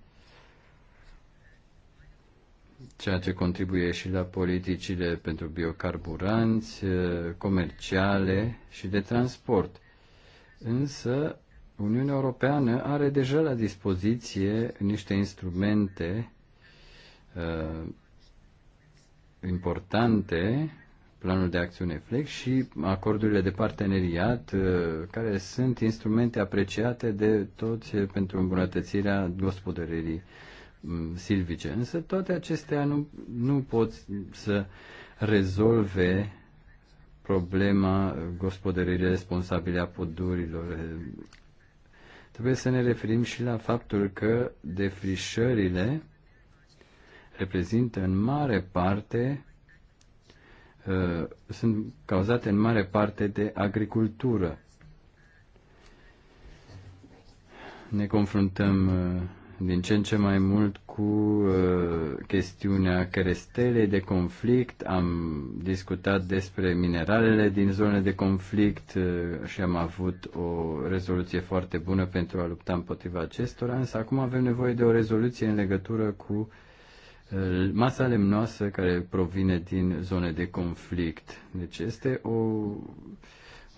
ceea ce contribuie și la politicile pentru biocarburanți, eh, comerciale și de transport. Însă Uniunea Europeană are deja la dispoziție niște instrumente uh, importante, planul de acțiune FLEX și acordurile de parteneriat, uh, care sunt instrumente apreciate de toți pentru îmbunătățirea gospodării mm, silvice. Însă toate acestea nu, nu pot să rezolve problema gospodării responsabile a pădurilor, Trebuie să ne referim și la faptul că defrișările reprezintă în mare parte uh, sunt cauzate în mare parte de agricultură. Ne confruntăm uh, din ce în ce mai mult cu uh, chestiunea crestelei de conflict. Am discutat despre mineralele din zone de conflict uh, și am avut o rezoluție foarte bună pentru a lupta împotriva acestora, însă acum avem nevoie de o rezoluție în legătură cu uh, masa lemnoasă care provine din zone de conflict. Deci este o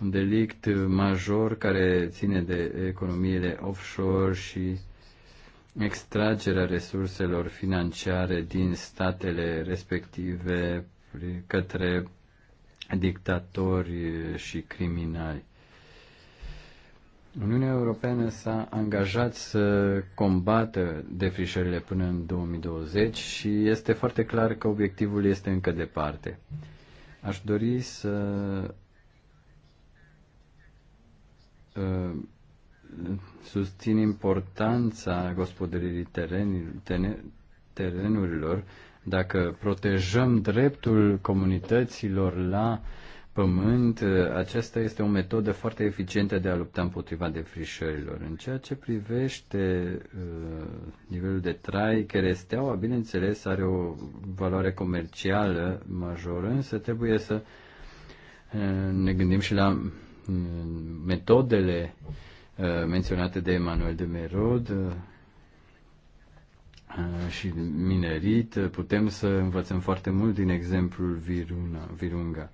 un delict major care ține de economiile offshore și extragerea resurselor financiare din statele respective către dictatori și criminali. Uniunea Europeană s-a angajat să combată defrișările până în 2020 și este foarte clar că obiectivul este încă departe. Aș dori să uh, susțin importanța gospodării terenurilor, dacă protejăm dreptul comunităților la pământ, aceasta este o metodă foarte eficientă de a lupta împotriva defrișărilor. În ceea ce privește uh, nivelul de trai, cheresteaua, bineînțeles, are o valoare comercială majoră, însă trebuie să uh, ne gândim și la uh, metodele Uh, menționate de Emanuel de Merod uh, uh, și minerit, putem să învățăm foarte mult din exemplul Viruna, Virunga.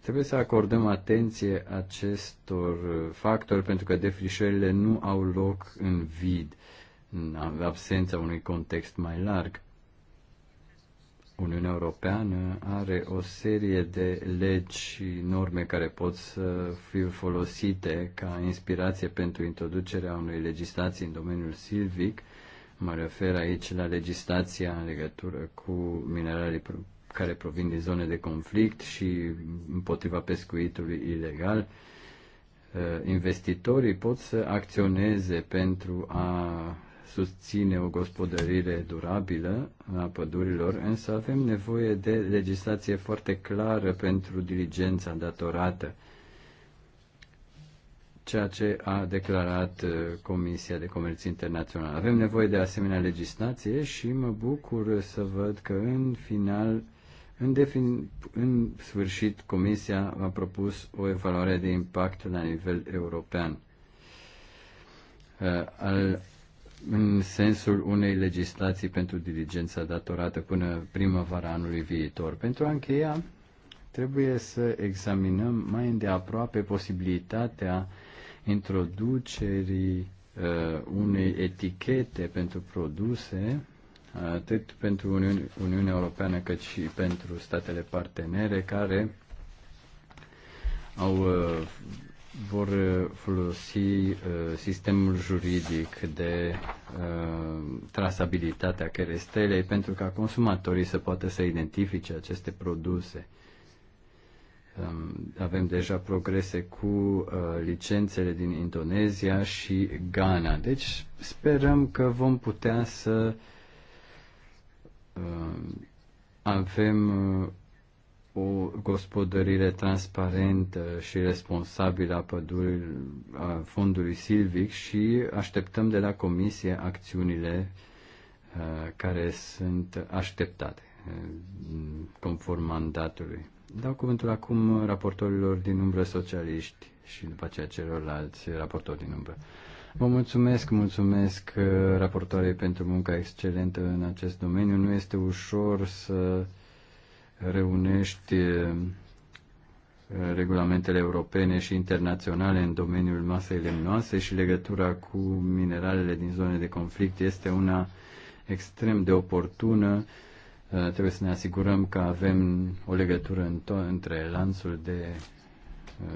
Trebuie să acordăm atenție acestor factori pentru că defrișările nu au loc în vid, în absența unui context mai larg. Uniunea Europeană are o serie de legi și norme care pot să fie folosite ca inspirație pentru introducerea unei legislații în domeniul silvic. Mă refer aici la legislația în legătură cu mineralii care provin din zone de conflict și împotriva pescuitului ilegal. Uh, investitorii pot să acționeze pentru a susține o gospodărire durabilă a pădurilor, însă avem nevoie de legislație foarte clară pentru diligența datorată, ceea ce a declarat uh, Comisia de Comerț Internațional. Avem nevoie de asemenea legislație și mă bucur să văd că în final în, defin, în sfârșit, Comisia a propus o evaluare de impact la nivel european. Uh, al în sensul unei legislații pentru diligența datorată până primăvara anului viitor. Pentru a încheia, trebuie să examinăm mai îndeaproape posibilitatea introducerii uh, unei etichete pentru produse, atât pentru Uniune, Uniunea Europeană cât și pentru statele partenere care au uh, vor uh, folosi uh, sistemul juridic de uh, trasabilitate a cherestelei pentru ca consumatorii să poată să identifice aceste produse. Um, avem deja progrese cu uh, licențele din Indonezia și Ghana. Deci sperăm că vom putea să uh, avem uh, o gospodărire transparentă și responsabilă a pădurii, a fondului silvic și așteptăm de la comisie acțiunile uh, care sunt așteptate uh, conform mandatului. Dau cuvântul acum raportorilor din umbră socialiști și după aceea celorlalți raportori din umbră. Vă mulțumesc, mulțumesc uh, raportoarei pentru munca excelentă în acest domeniu. Nu este ușor să reunește eh, regulamentele europene și internaționale în domeniul masei lemnoase și legătura cu mineralele din zone de conflict este una extrem de oportună. Eh, trebuie să ne asigurăm că avem o legătură între lanțul de eh,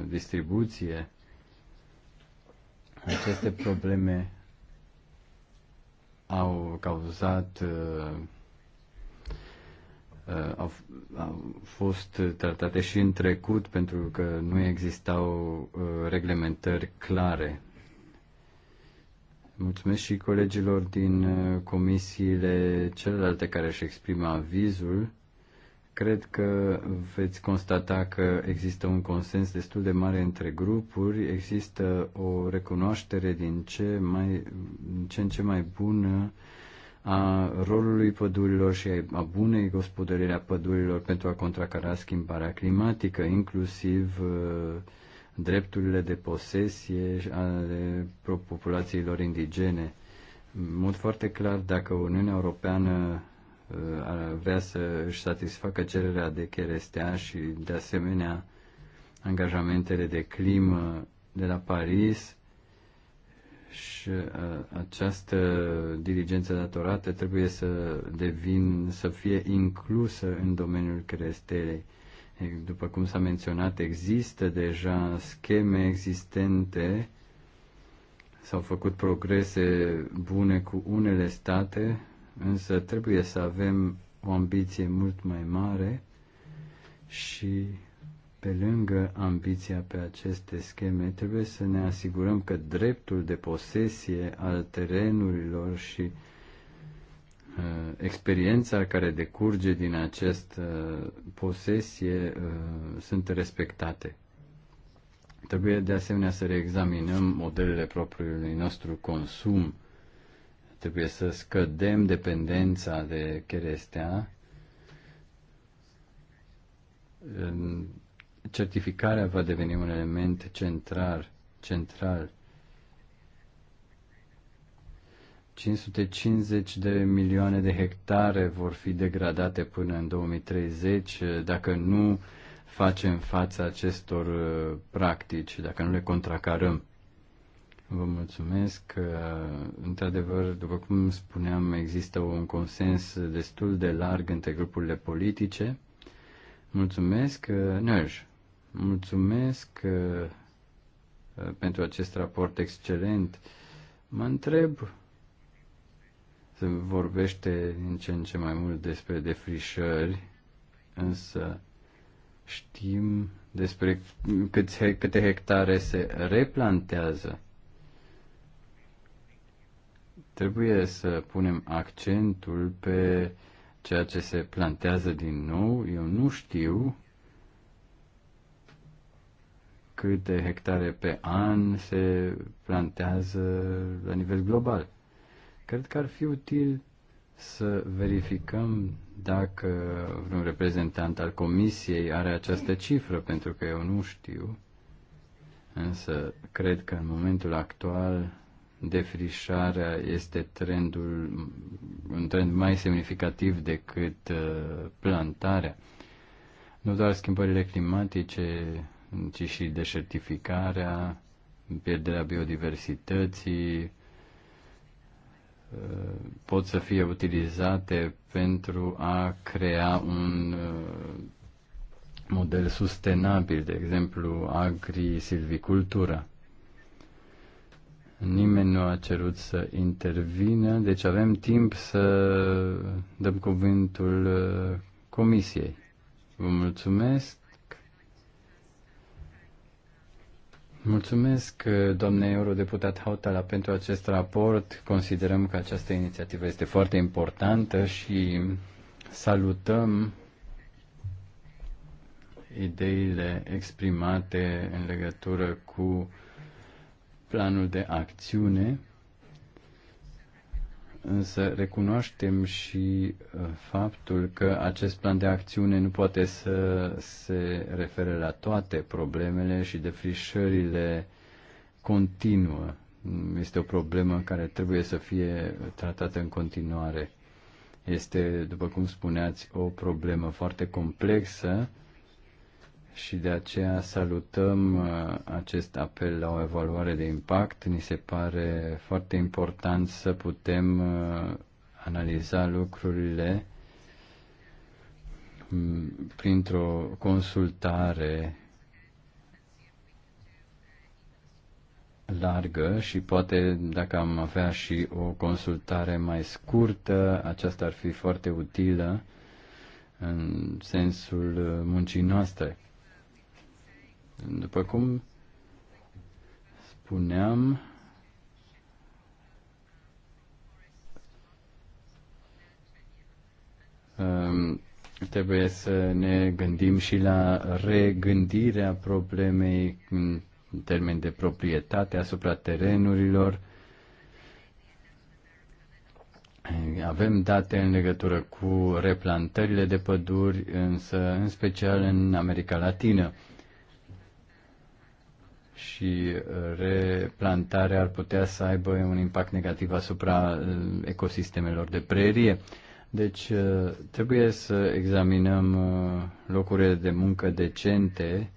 distribuție. Aceste probleme au cauzat uh, Uh, au, au fost tratate și în trecut pentru că nu existau uh, reglementări clare. Mulțumesc și colegilor din uh, comisiile celelalte care își exprimă avizul. Cred că veți constata că există un consens destul de mare între grupuri, există o recunoaștere din ce, mai, din ce în ce mai bună uh, a rolului pădurilor și a bunei gospodărire a pădurilor pentru a contracara schimbarea climatică, inclusiv uh, drepturile de posesie ale populațiilor indigene. În mod foarte clar, dacă Uniunea Europeană uh, ar vrea să își satisfacă cererea de cherestea și, de asemenea, angajamentele de climă de la Paris, și uh, această diligență datorată trebuie să devin, să fie inclusă în domeniul crestelei. După cum s-a menționat, există deja scheme existente, s-au făcut progrese bune cu unele state, însă trebuie să avem o ambiție mult mai mare și pe lângă ambiția pe aceste scheme, trebuie să ne asigurăm că dreptul de posesie al terenurilor și uh, experiența care decurge din această posesie uh, sunt respectate. Trebuie de asemenea să reexaminăm modelele propriului nostru consum. Trebuie să scădem dependența de cherestea certificarea va deveni un element central, central 550 de milioane de hectare vor fi degradate până în 2030 dacă nu facem fața acestor uh, practici, dacă nu le contracarăm. Vă mulțumesc. Uh, într-adevăr, după cum spuneam, există un consens destul de larg între grupurile politice. Mulțumesc. Uh, Nerj. Mulțumesc uh, uh, pentru acest raport excelent. Mă întreb, se vorbește din ce în ce mai mult despre defrișări, însă știm despre câți, câte hectare se replantează. Trebuie să punem accentul pe ceea ce se plantează din nou. Eu nu știu câte hectare pe an se plantează la nivel global. Cred că ar fi util să verificăm dacă vreun reprezentant al Comisiei are această cifră, pentru că eu nu știu. Însă cred că în momentul actual defrișarea este trendul, un trend mai semnificativ decât uh, plantarea. Nu doar schimbările climatice ci și deșertificarea, pierderea biodiversității, pot să fie utilizate pentru a crea un model sustenabil, de exemplu agri-silvicultura. Nimeni nu a cerut să intervină, deci avem timp să dăm cuvântul uh, comisiei. Vă mulțumesc. Mulțumesc, domnule eurodeputat Hautala, pentru acest raport. Considerăm că această inițiativă este foarte importantă și salutăm ideile exprimate în legătură cu planul de acțiune însă recunoaștem și uh, faptul că acest plan de acțiune nu poate să se refere la toate problemele și defrișările continuă. Este o problemă care trebuie să fie tratată în continuare. Este, după cum spuneați, o problemă foarte complexă și de aceea salutăm uh, acest apel la o evaluare de impact. Ni se pare foarte important să putem uh, analiza lucrurile mm, printr-o consultare largă și poate dacă am avea și o consultare mai scurtă, aceasta ar fi foarte utilă în sensul uh, muncii noastre. După cum spuneam, um, trebuie să ne gândim și la regândirea problemei în termeni de proprietate asupra terenurilor. Avem date în legătură cu replantările de păduri, însă în special în America Latină și uh, replantarea ar putea să aibă un impact negativ asupra uh, ecosistemelor de prerie. Deci uh, trebuie să examinăm locurile de muncă decente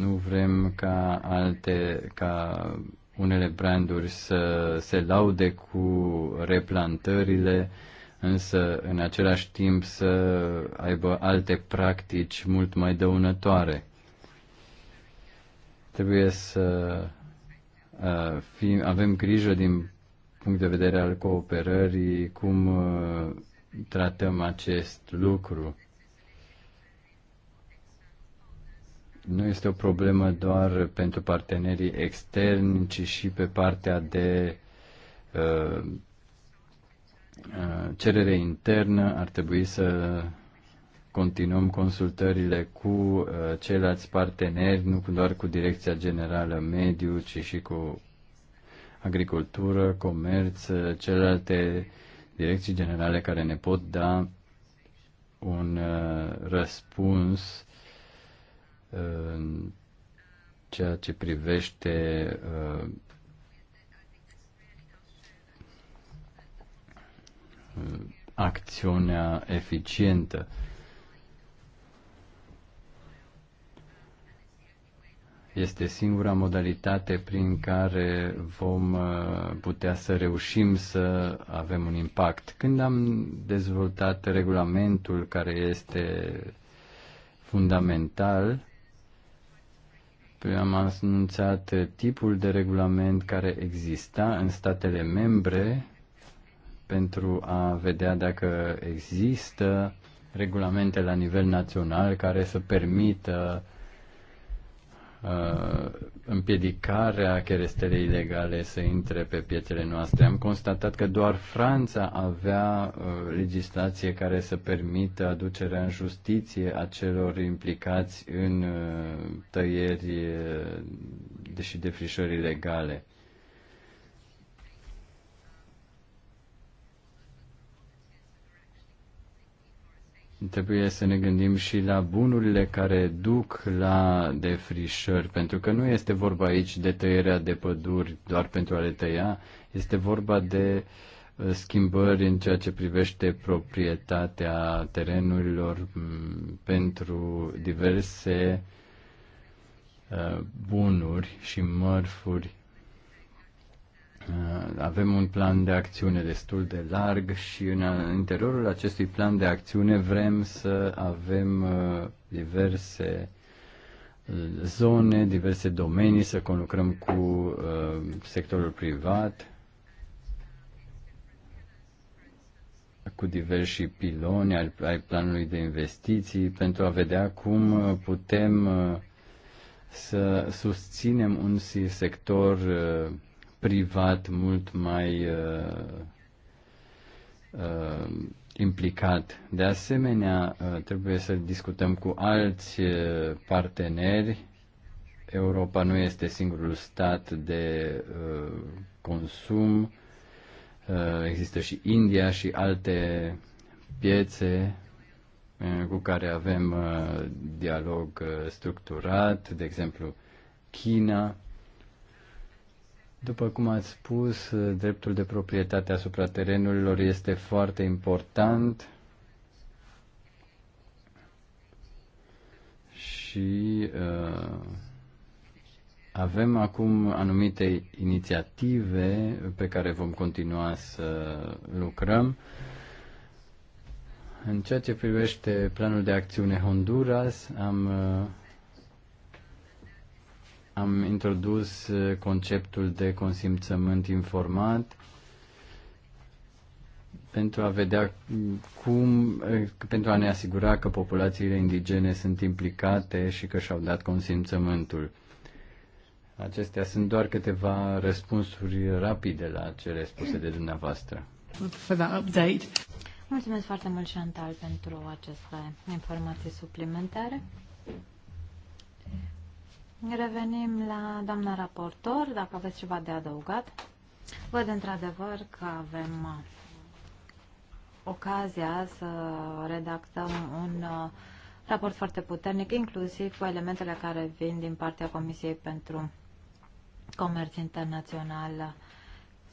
nu vrem ca alte, ca unele branduri să se laude cu replantările însă în același timp să aibă alte practici mult mai dăunătoare. Trebuie să uh, fim, avem grijă din punct de vedere al cooperării, cum uh, tratăm acest lucru. nu este o problemă doar pentru partenerii externi, ci și pe partea de uh, Uh, cerere internă ar trebui să continuăm consultările cu uh, ceilalți parteneri, nu doar cu Direcția Generală Mediu, ci și cu agricultură, comerț, uh, celelalte direcții generale care ne pot da un răspuns în ceea ce privește acțiunea eficientă. Este singura modalitate prin care vom uh, putea să reușim să avem un impact. Când am dezvoltat regulamentul care este fundamental, am anunțat tipul de regulament care exista în statele membre pentru a vedea dacă există regulamente la nivel național care să permită uh, împiedicarea cherestelei ilegale să intre pe piețele noastre. Am constatat că doar Franța avea uh, legislație care să permită aducerea în justiție a celor implicați în uh, tăieri uh, și defrișări ilegale. trebuie să ne gândim și la bunurile care duc la defrișări, pentru că nu este vorba aici de tăierea de păduri doar pentru a le tăia, este vorba de uh, schimbări în ceea ce privește proprietatea terenurilor mm, pentru diverse uh, bunuri și mărfuri Uh, avem un plan de acțiune destul de larg și în uh, interiorul acestui plan de acțiune vrem să avem uh, diverse zone, diverse domenii, să conlucrăm cu sectorul privat, cu diversi piloni ai planului de investiții pentru a vedea cum putem să susținem un sector privat mult mai uh, uh, implicat. De asemenea, uh, trebuie să discutăm cu alți uh, parteneri. Europa nu este singurul stat de uh, consum. Uh, există și India și alte piețe uh, cu care avem uh, dialog uh, structurat, de exemplu China, după cum ați spus, dreptul de proprietate asupra terenurilor este foarte important și uh, avem acum anumite inițiative pe care vom continua să lucrăm. În ceea ce privește planul de acțiune Honduras, am uh, am introdus uh, conceptul de consimțământ informat pentru a vedea cum, uh, pentru a ne asigura că populațiile indigene sunt implicate și că și-au dat consimțământul. Acestea sunt doar câteva răspunsuri rapide la cele spuse de dumneavoastră. For that update. Mulțumesc foarte mult, Chantal, pentru aceste informații suplimentare. Revenim la doamna raportor, dacă aveți ceva de adăugat. Văd într-adevăr că avem uh, ocazia să redactăm un uh, raport foarte puternic, inclusiv cu elementele care vin din partea Comisiei pentru Comerț Internațional.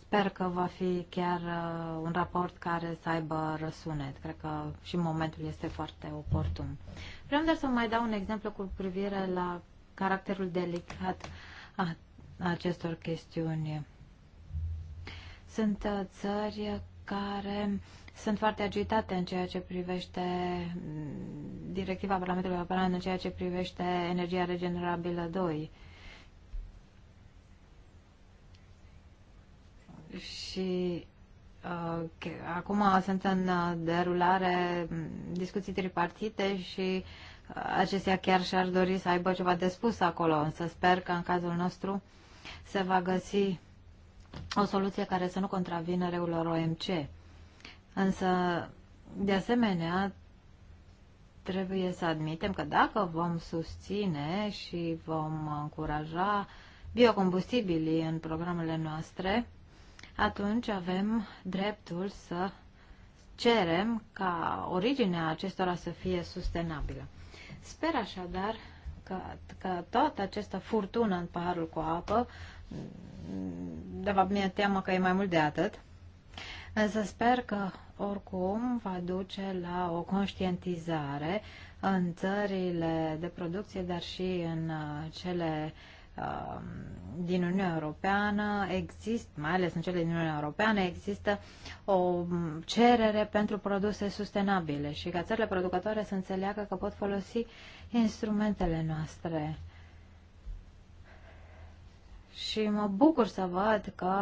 Sper că va fi chiar uh, un raport care să aibă răsunet. Cred că și momentul este foarte oportun. Vreau doar să mai dau un exemplu cu privire la caracterul delicat a acestor chestiuni. Sunt uh, țări care sunt foarte agitate în ceea ce privește mm, directiva Parlamentului European în ceea ce privește energia regenerabilă 2. Și uh, acum sunt în uh, derulare mm, discuții tripartite și uh, acestea chiar și-ar dori să aibă ceva de spus acolo, însă sper că în cazul nostru se va găsi o soluție care să nu contravină regulilor OMC. Însă, de asemenea, trebuie să admitem că dacă vom susține și vom încuraja biocombustibilii în programele noastre, atunci avem dreptul să cerem ca originea acestora să fie sustenabilă. Sper așadar că, că toată această furtună în paharul cu apă, de fapt mi-e teamă că e mai mult de atât, însă sper că oricum va duce la o conștientizare în țările de producție, dar și în uh, cele Um, din Uniunea Europeană există, mai ales în cele din Uniunea Europeană, există o cerere pentru produse sustenabile și ca țările producătoare să înțeleagă că pot folosi instrumentele noastre. Și mă bucur să văd că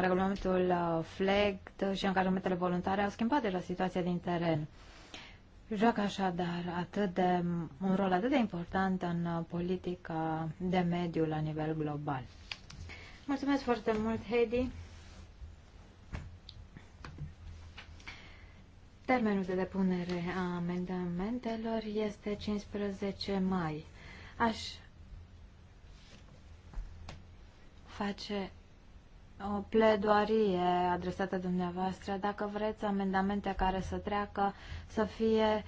regulamentul uh, FLEGT și angajamentele voluntare au schimbat deja situația din teren joacă așadar atât de, un rol atât de important în politica de mediu la nivel global. Mulțumesc foarte mult, Heidi. Termenul de depunere a amendamentelor este 15 mai. Aș face o pledoarie adresată dumneavoastră. Dacă vreți amendamente care să treacă, să fie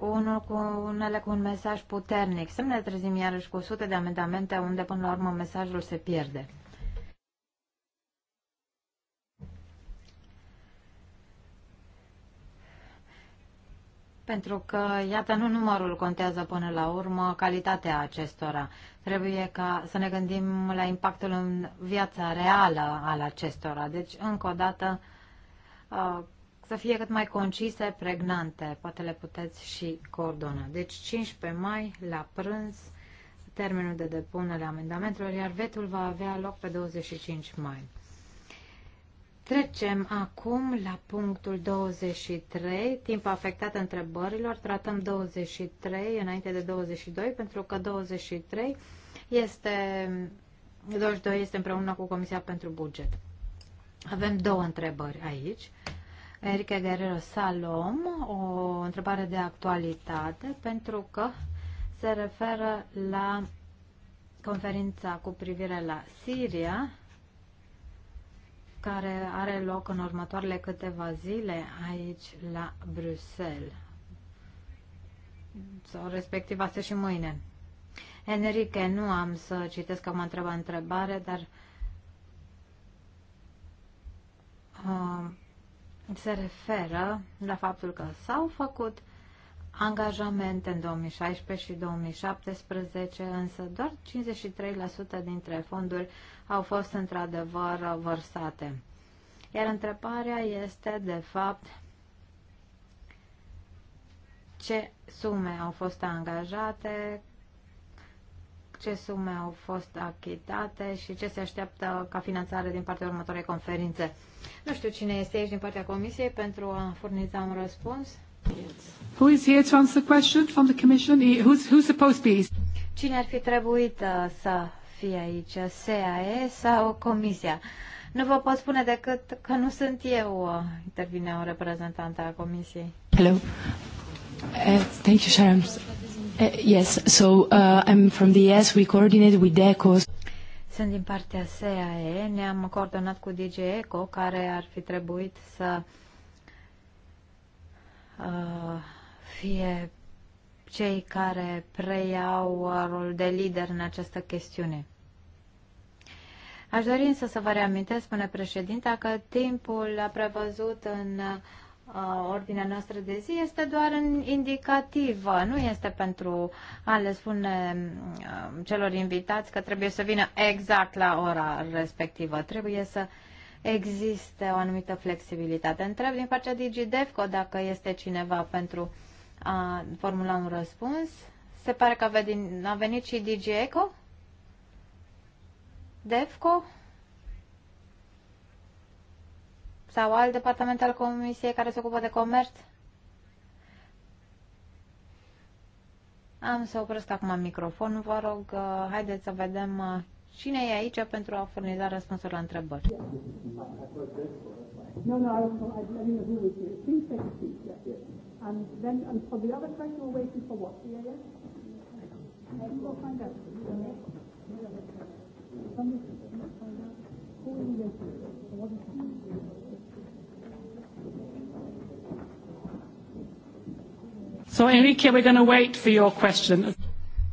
unul cu unele cu un mesaj puternic. Să ne trezim iarăși cu sute de amendamente unde până la urmă mesajul se pierde. Pentru că, iată, nu numărul contează până la urmă, calitatea acestora. Trebuie ca să ne gândim la impactul în viața reală al acestora. Deci, încă o dată, uh, să fie cât mai concise, pregnante. Poate le puteți și coordona. Deci, 15 mai, la prânz, termenul de depunere a amendamentelor, iar vetul va avea loc pe 25 mai. Trecem acum la punctul 23, timp afectat întrebărilor. Tratăm 23 înainte de 22, pentru că 23 este, 22 este împreună cu Comisia pentru Buget. Avem două întrebări aici. Enrique Guerrero Salom, o întrebare de actualitate, pentru că se referă la conferința cu privire la Siria, care are loc în următoarele câteva zile aici la Bruxelles. Sau respectiv astăzi și mâine. Enrique, nu am să citesc că mă întreba întrebare, dar uh, se referă la faptul că s-au făcut angajamente în 2016 și 2017, însă doar 53% dintre fonduri au fost într-adevăr vărsate. Iar întrebarea este, de fapt, ce sume au fost angajate, ce sume au fost achitate și ce se așteaptă ca finanțare din partea următoarei conferințe. Nu știu cine este aici din partea Comisiei pentru a furniza un răspuns. Who is here to answer the question from the Commission? Who's, who's supposed to be? Cine ar fi trebuit uh, să fi aici, SAE sau Comisia. Nu vă pot spune decât că nu sunt eu, intervine o reprezentant a Comisiei. Hello. Uh, thank you, Sharon. Uh, yes, so uh, I'm from the ES, we coordinate with DECO. Sunt din partea SAE, ne-am coordonat cu DG ECO, care ar fi trebuit să uh, fie cei care preiau rolul de lider în această chestiune. Aș dori însă să vă reamintesc, spune președinta, că timpul prevăzut în uh, ordinea noastră de zi este doar în indicativă, nu este pentru a le spune uh, celor invitați că trebuie să vină exact la ora respectivă. Trebuie să existe o anumită flexibilitate. Întreb din partea DigiDevco dacă este cineva pentru a formula un răspuns. Se pare că a venit și DigiEco. DEFCO sau alt departament al Comisiei care se ocupă de comerț? Am să opresc acum microfonul, vă rog, uh, haideți să vedem uh, cine e aici pentru a furniza răspunsuri la întrebări. No, no, I, I, I mean, who was here? Please take a seat. Yeah, yeah. And then, and for the other question, we're waiting for what? Yeah, yeah. We'll find out. Yeah. So Enrique, we're going to wait for your question.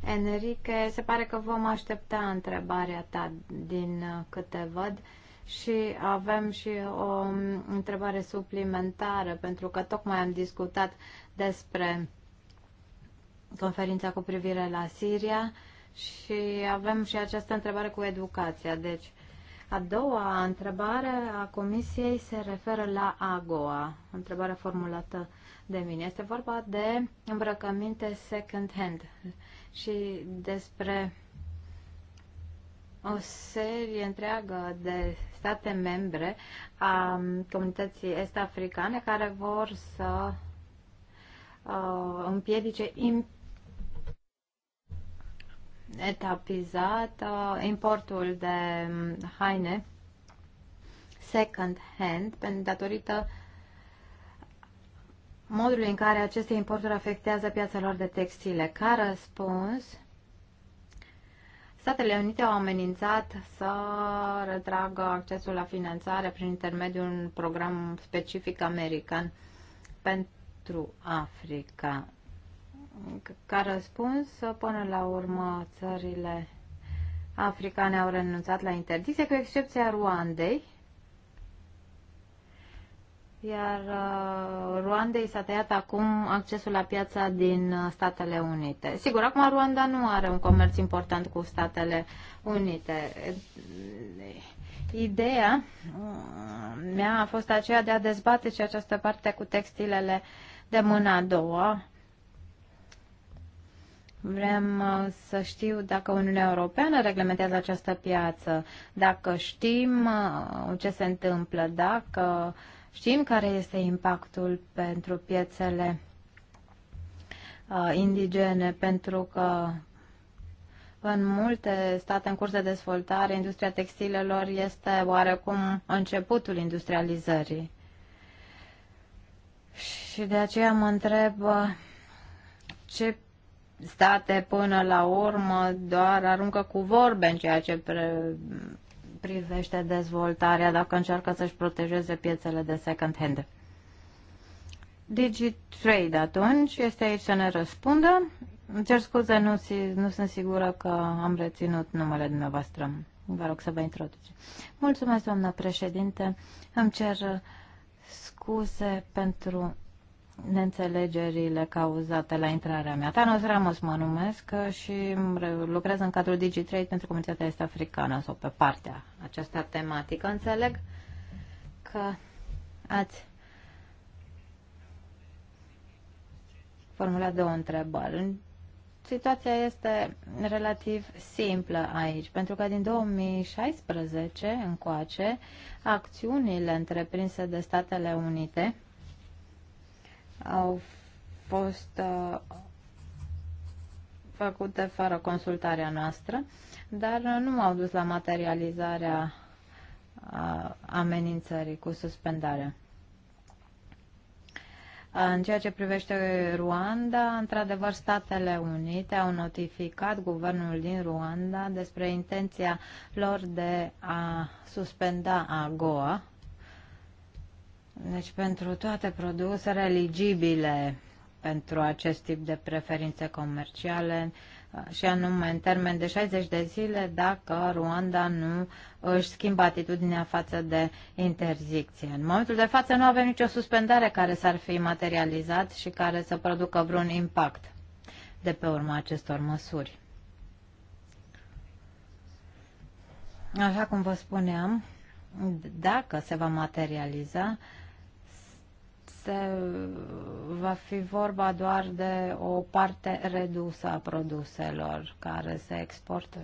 Enrique, se pare că vom aștepta întrebarea ta din uh, câte văd și avem și o um, întrebare suplimentară pentru că tocmai am discutat despre conferința cu privire la Siria și avem și această întrebare cu educația. Deci, a doua întrebare a comisiei se referă la AGOA, întrebare formulată de mine. Este vorba de îmbrăcăminte second-hand și despre o serie întreagă de state membre a comunității est-africane care vor să uh, împiedice imp- etapizat importul de haine second hand datorită modului în care aceste importuri afectează piața lor de textile. Ca răspuns, Statele Unite au amenințat să retragă accesul la finanțare prin intermediul un program specific american pentru Africa ca răspuns, până la urmă, țările africane au renunțat la interdicție, cu excepția Ruandei, iar uh, Ruandei s-a tăiat acum accesul la piața din uh, Statele Unite. Sigur, acum Ruanda nu are un comerț important cu Statele Unite. Ideea uh, mea a fost aceea de a dezbate și această parte cu textilele de mâna a doua, Vrem uh, să știu dacă Uniunea Europeană reglementează această piață, dacă știm uh, ce se întâmplă, dacă știm care este impactul pentru piețele uh, indigene, pentru că în multe state în curs de dezvoltare, industria textilelor este oarecum începutul industrializării. Și de aceea mă întreb ce state până la urmă doar aruncă cu vorbe în ceea ce pre- privește dezvoltarea dacă încearcă să-și protejeze piețele de second hand. DigiTrade atunci este aici să ne răspundă. Îmi cer scuze, nu, nu sunt sigură că am reținut numele dumneavoastră. Vă rog să vă introduce. Mulțumesc, doamnă președinte. Îmi cer scuze pentru neînțelegerile cauzate la intrarea mea. Thanos Ramos mă numesc și lucrez în cadrul DigiTrade pentru comunitatea este africană sau pe partea aceasta tematică. Înțeleg că ați formulat două întrebări. Situația este relativ simplă aici, pentru că din 2016 încoace, acțiunile întreprinse de Statele Unite au fost uh, făcute fără consultarea noastră, dar nu au dus la materializarea uh, amenințării cu suspendare. Uh, în ceea ce privește Ruanda, într-adevăr, Statele Unite au notificat guvernul din Ruanda despre intenția lor de a suspenda AGOA, deci pentru toate produsele eligibile pentru acest tip de preferințe comerciale și anume în termen de 60 de zile dacă Ruanda nu își schimbă atitudinea față de interzicție. În momentul de față nu avem nicio suspendare care s-ar fi materializat și care să producă vreun impact de pe urma acestor măsuri. Așa cum vă spuneam, dacă se va materializa, se va fi vorba doar de o parte redusă a produselor care se exportă.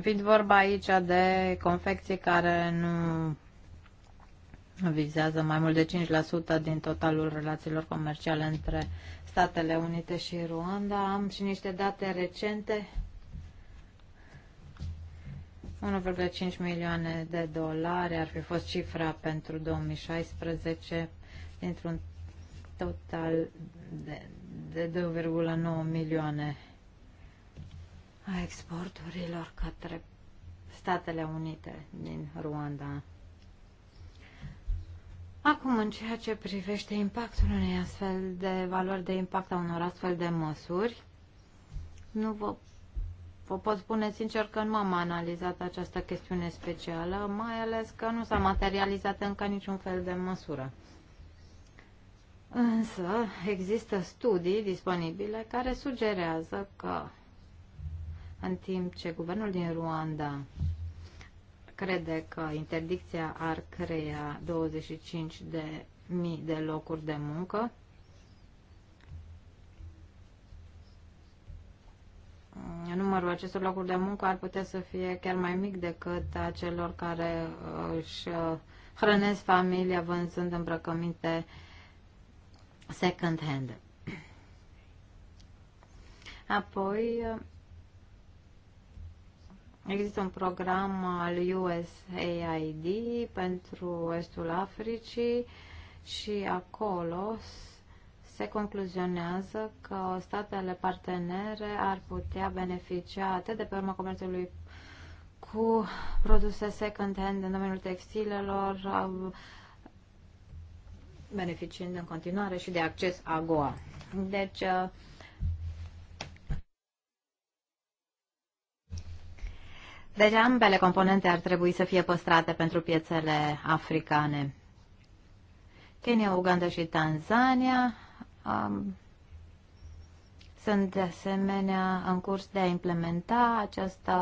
Fiind vorba aici de confecții care nu vizează mai mult de 5% din totalul relațiilor comerciale între Statele Unite și Ruanda. Am și niște date recente. 1,5 milioane de dolari ar fi fost cifra pentru 2016 dintr-un total de, de 2,9 milioane a exporturilor către Statele Unite din Ruanda. Acum, în ceea ce privește impactul unei astfel de valori de impact a unor astfel de măsuri, nu vă, vă pot spune sincer că nu am analizat această chestiune specială, mai ales că nu s-a materializat încă niciun fel de măsură. Însă, există studii disponibile care sugerează că în timp ce guvernul din Ruanda crede că interdicția ar crea 25 de mii de locuri de muncă. Numărul acestor locuri de muncă ar putea să fie chiar mai mic decât a celor care uh, își uh, hrănesc familia vânzând îmbrăcăminte second-hand. Apoi, uh, Există un program al USAID pentru Estul Africii și acolo se concluzionează că statele partenere ar putea beneficia atât de pe urma comerțului cu produse second-hand în domeniul textilelor, beneficiind în continuare și de acces AGOA. Deci, Deci ambele componente ar trebui să fie păstrate pentru piețele africane. Kenya, Uganda și Tanzania um, sunt de asemenea în curs de a implementa această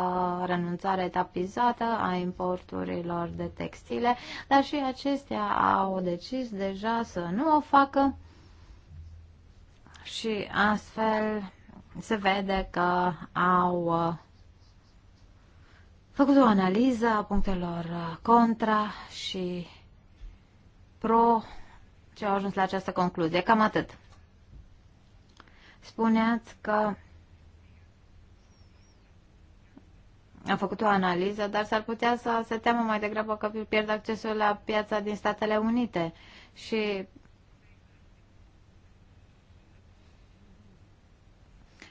renunțare etapizată a importurilor de textile, dar și acestea au decis deja să nu o facă și astfel se vede că au uh, făcut o analiză a punctelor uh, contra și pro ce au ajuns la această concluzie. Cam atât. Spuneați că am făcut o analiză, dar s-ar putea să se teamă mai degrabă că pierd accesul la piața din Statele Unite și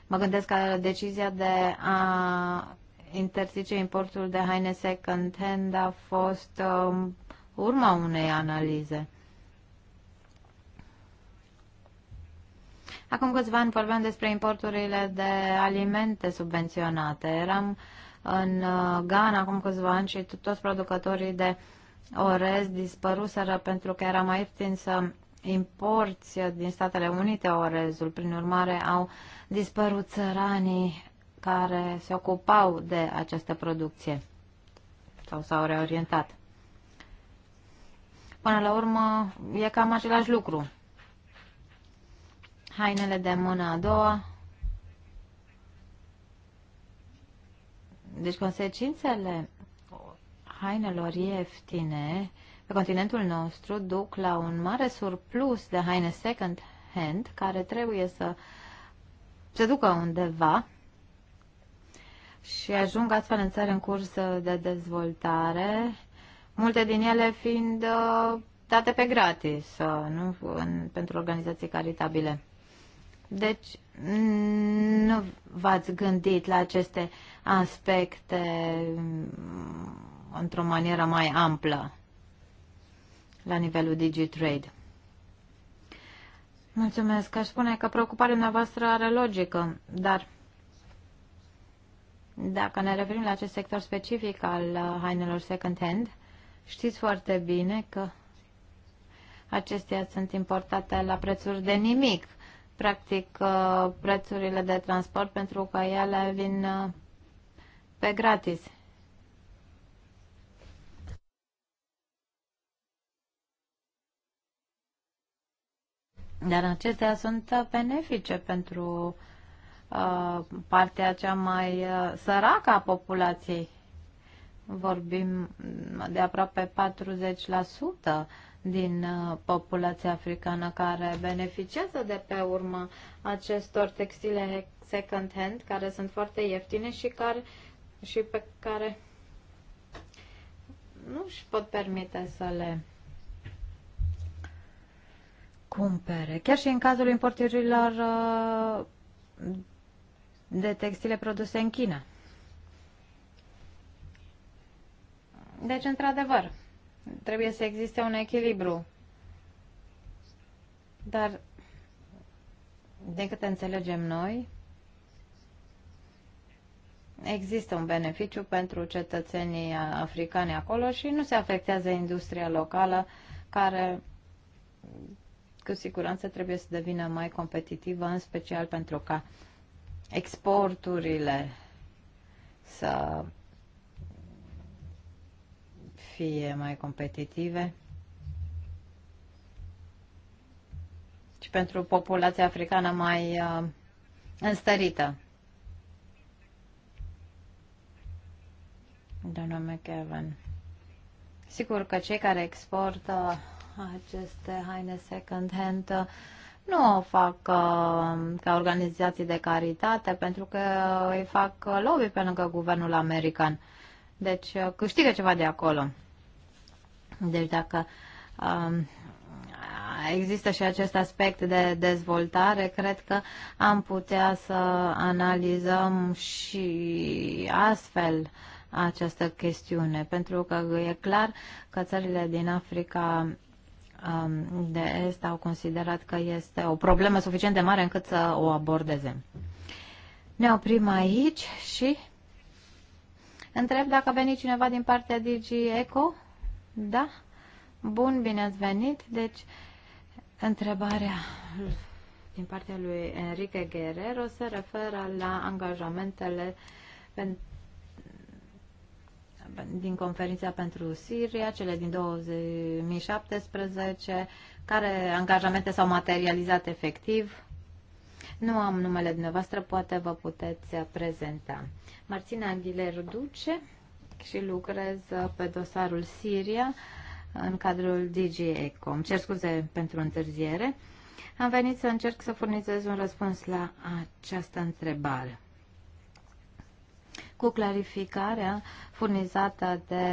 mă gândesc că decizia de a interzice importul de haine second-hand a fost uh, urma unei analize. Acum câțiva ani vorbeam despre importurile de alimente subvenționate. Eram în uh, Ghana acum câțiva ani și toți producătorii de orez dispăruseră pentru că era mai ieftin să importi din Statele Unite orezul. Prin urmare, au dispărut țăranii care se ocupau de această producție sau s-au reorientat. Până la urmă, e cam același lucru. Hainele de mână a doua. Deci consecințele hainelor ieftine pe continentul nostru duc la un mare surplus de haine second hand care trebuie să se ducă undeva și ajung astfel în țări în curs de dezvoltare, multe din ele fiind uh, date pe gratis, uh, nu în, pentru organizații caritabile. Deci, nu v-ați gândit la aceste aspecte mm, într-o manieră mai amplă la nivelul DigiTrade. Mulțumesc. Aș spune că preocuparea noastră are logică, dar dacă ne referim la acest sector specific al uh, hainelor second-hand, știți foarte bine că acestea sunt importate la prețuri de nimic. Practic, uh, prețurile de transport pentru că ele vin uh, pe gratis. Dar acestea sunt benefice pentru uh, Uh, partea cea mai uh, săracă a populației. Vorbim de aproape 40% din uh, populația africană care beneficiază de pe urmă acestor textile second hand care sunt foarte ieftine și, care, și pe care nu își pot permite să le cumpere. Chiar și în cazul importurilor de textile produse în China. Deci, într-adevăr, trebuie să existe un echilibru. Dar, de câte înțelegem noi, există un beneficiu pentru cetățenii africani acolo și nu se afectează industria locală care cu siguranță trebuie să devină mai competitivă, în special pentru ca exporturile să fie mai competitive. Și pentru populația africană mai uh, înstărită. Doamna McEvan. Sigur că cei care exportă aceste haine second hand uh, nu o fac uh, ca organizații de caritate, pentru că îi fac uh, lobby pe lângă guvernul american. Deci uh, câștigă ceva de acolo. Deci dacă uh, există și acest aspect de dezvoltare, cred că am putea să analizăm și astfel această chestiune, pentru că e clar că țările din Africa Um, de Est au considerat că este o problemă suficient de mare încât să o abordeze. Ne oprim aici și întreb dacă a venit cineva din partea Digi Eco. Da? Bun, bine ați venit. Deci, întrebarea din partea lui Enrique Guerrero se referă la angajamentele pentru din conferința pentru Siria, cele din 2017, care angajamente s-au materializat efectiv. Nu am numele dumneavoastră, poate vă puteți prezenta. Marțina Aguiler Duce și lucrez pe dosarul Siria în cadrul DG cer scuze pentru întârziere. Am venit să încerc să furnizez un răspuns la această întrebare cu clarificarea furnizată de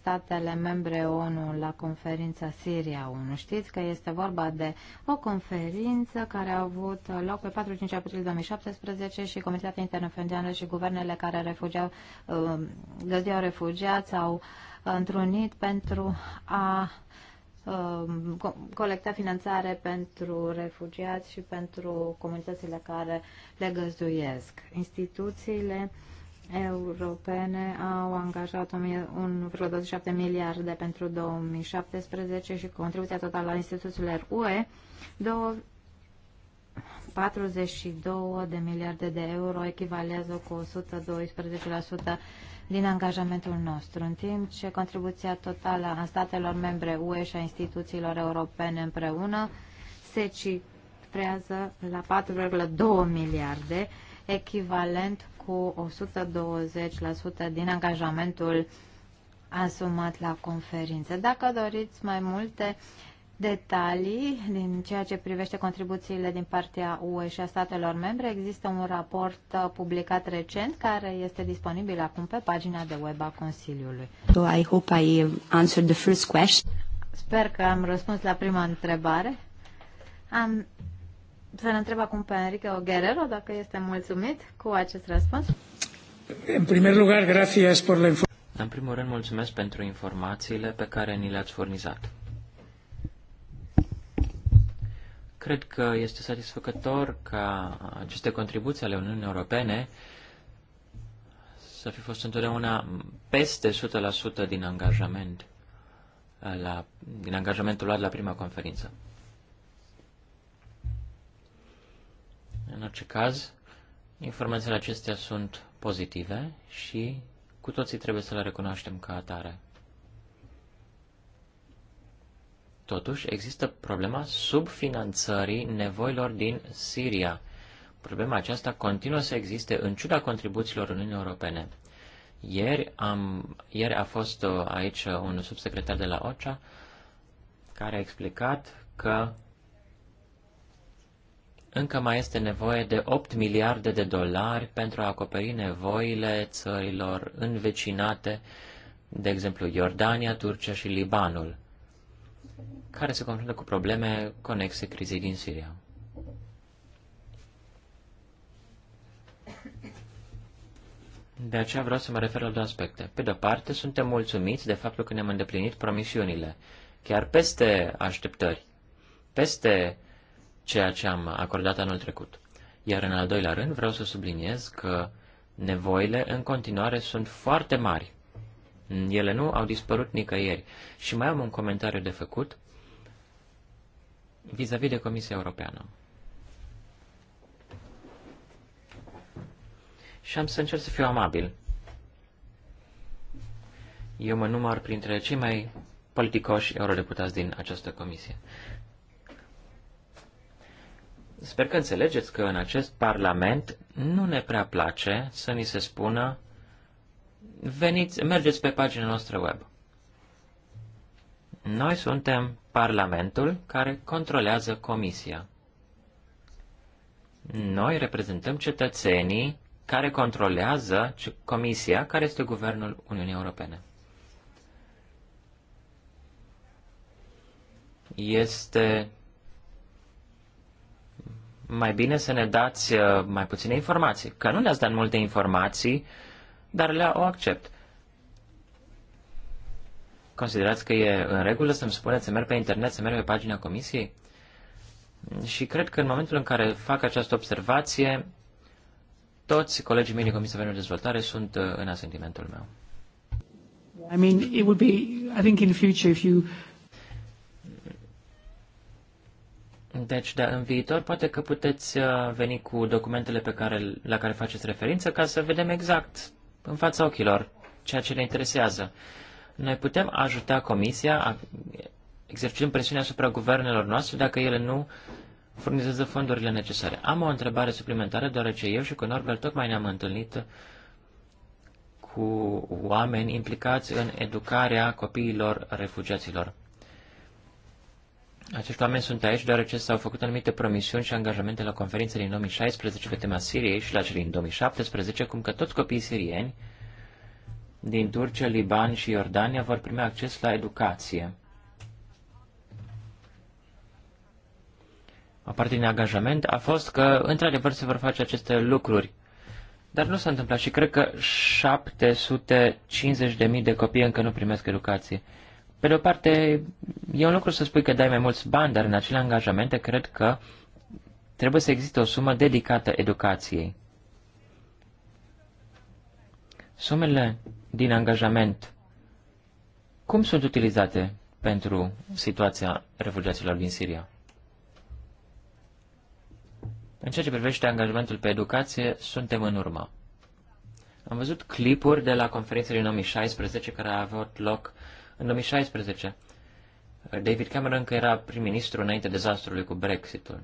statele membre ONU la conferința Siria 1. Știți că este vorba de o conferință care a avut loc pe 4-5 aprilie 2017 și Comunitatea Internațională și guvernele care refugiau, um, găzduiau refugiați au întrunit pentru a um, colecta finanțare pentru refugiați și pentru comunitățile care le găzduiesc. Instituțiile uh, europene au angajat 1,27 miliarde pentru 2017 și contribuția totală la instituțiile UE 42 de miliarde de euro echivalează cu 112% din angajamentul nostru, în timp ce contribuția totală a statelor membre UE și a instituțiilor europene împreună se cifrează la 4,2 miliarde, echivalent cu 120% din angajamentul asumat la conferință. Dacă doriți mai multe detalii din ceea ce privește contribuțiile din partea UE și a statelor membre, există un raport uh, publicat recent care este disponibil acum pe pagina de web a Consiliului. So I hope I answered the first question. Sper că am răspuns la prima întrebare. Am să ne întreb acum pe Enrique Guerrero dacă este mulțumit cu acest răspuns. În primul lugar, gracias por la În primul rând, mulțumesc pentru informațiile pe care ni le-ați furnizat. Cred că este satisfăcător ca aceste contribuții ale Uniunii Europene să fi fost întotdeauna peste 100% din angajament la, din angajamentul luat la prima conferință. În orice caz, informațiile acestea sunt pozitive și cu toții trebuie să le recunoaștem ca atare. Totuși, există problema subfinanțării nevoilor din Siria. Problema aceasta continuă să existe în ciuda contribuțiilor Uniunii Europene. Ieri, am, ieri a fost uh, aici un subsecretar de la OCHA care a explicat că încă mai este nevoie de 8 miliarde de dolari pentru a acoperi nevoile țărilor învecinate, de exemplu Iordania, Turcia și Libanul, care se confruntă cu probleme conexe crizei din Siria. De aceea vreau să mă refer la două aspecte. Pe de-o parte, suntem mulțumiți de faptul că ne-am îndeplinit promisiunile, chiar peste așteptări, peste ceea ce am acordat anul trecut. Iar în al doilea rând vreau să subliniez că nevoile în continuare sunt foarte mari. Ele nu au dispărut nicăieri. Și mai am un comentariu de făcut vis-a-vis -vis de Comisia Europeană. Și am să încerc să fiu amabil. Eu mă număr printre cei mai politicoși eurodeputați din această comisie. Sper că înțelegeți că în acest Parlament nu ne prea place să ni se spună veniți, mergeți pe pagina noastră web. Noi suntem Parlamentul care controlează Comisia. Noi reprezentăm cetățenii care controlează Comisia, care este Guvernul Uniunii Europene. Este mai bine să ne dați uh, mai puține informații. Că nu ne-ați dat multe informații, dar le o accept. Considerați că e în regulă să-mi spuneți să merg pe internet, să merg pe pagina comisiei? Și cred că în momentul în care fac această observație, toți colegii mei din Comisia pentru Dezvoltare sunt uh, în asentimentul meu. I mean, it would be, I think in future, if you Deci, da, în viitor, poate că puteți uh, veni cu documentele pe care, la care faceți referință ca să vedem exact în fața ochilor ceea ce ne interesează. Noi putem ajuta Comisia exercitând presiune asupra guvernelor noastre dacă ele nu furnizează fondurile necesare. Am o întrebare suplimentară, deoarece eu și cu Norbert tocmai ne-am întâlnit cu oameni implicați în educarea copiilor refugiaților. Acești oameni sunt aici deoarece s-au făcut anumite promisiuni și angajamente la conferințe din 2016 pe tema Siriei și la cele din 2017, cum că toți copiii sirieni din Turcia, Liban și Iordania vor primi acces la educație. O parte din angajament a fost că, într-adevăr, se vor face aceste lucruri. Dar nu s-a întâmplat și cred că 750.000 de copii încă nu primesc educație. Pe de o parte, e un lucru să spui că dai mai mulți bani, dar în acele angajamente cred că trebuie să existe o sumă dedicată educației. Sumele din angajament, cum sunt utilizate pentru situația refugiaților din Siria? În ceea ce privește angajamentul pe educație, suntem în urmă. Am văzut clipuri de la conferința din 2016 care a avut loc în 2016. David Cameron încă era prim-ministru înainte dezastrului cu Brexitul.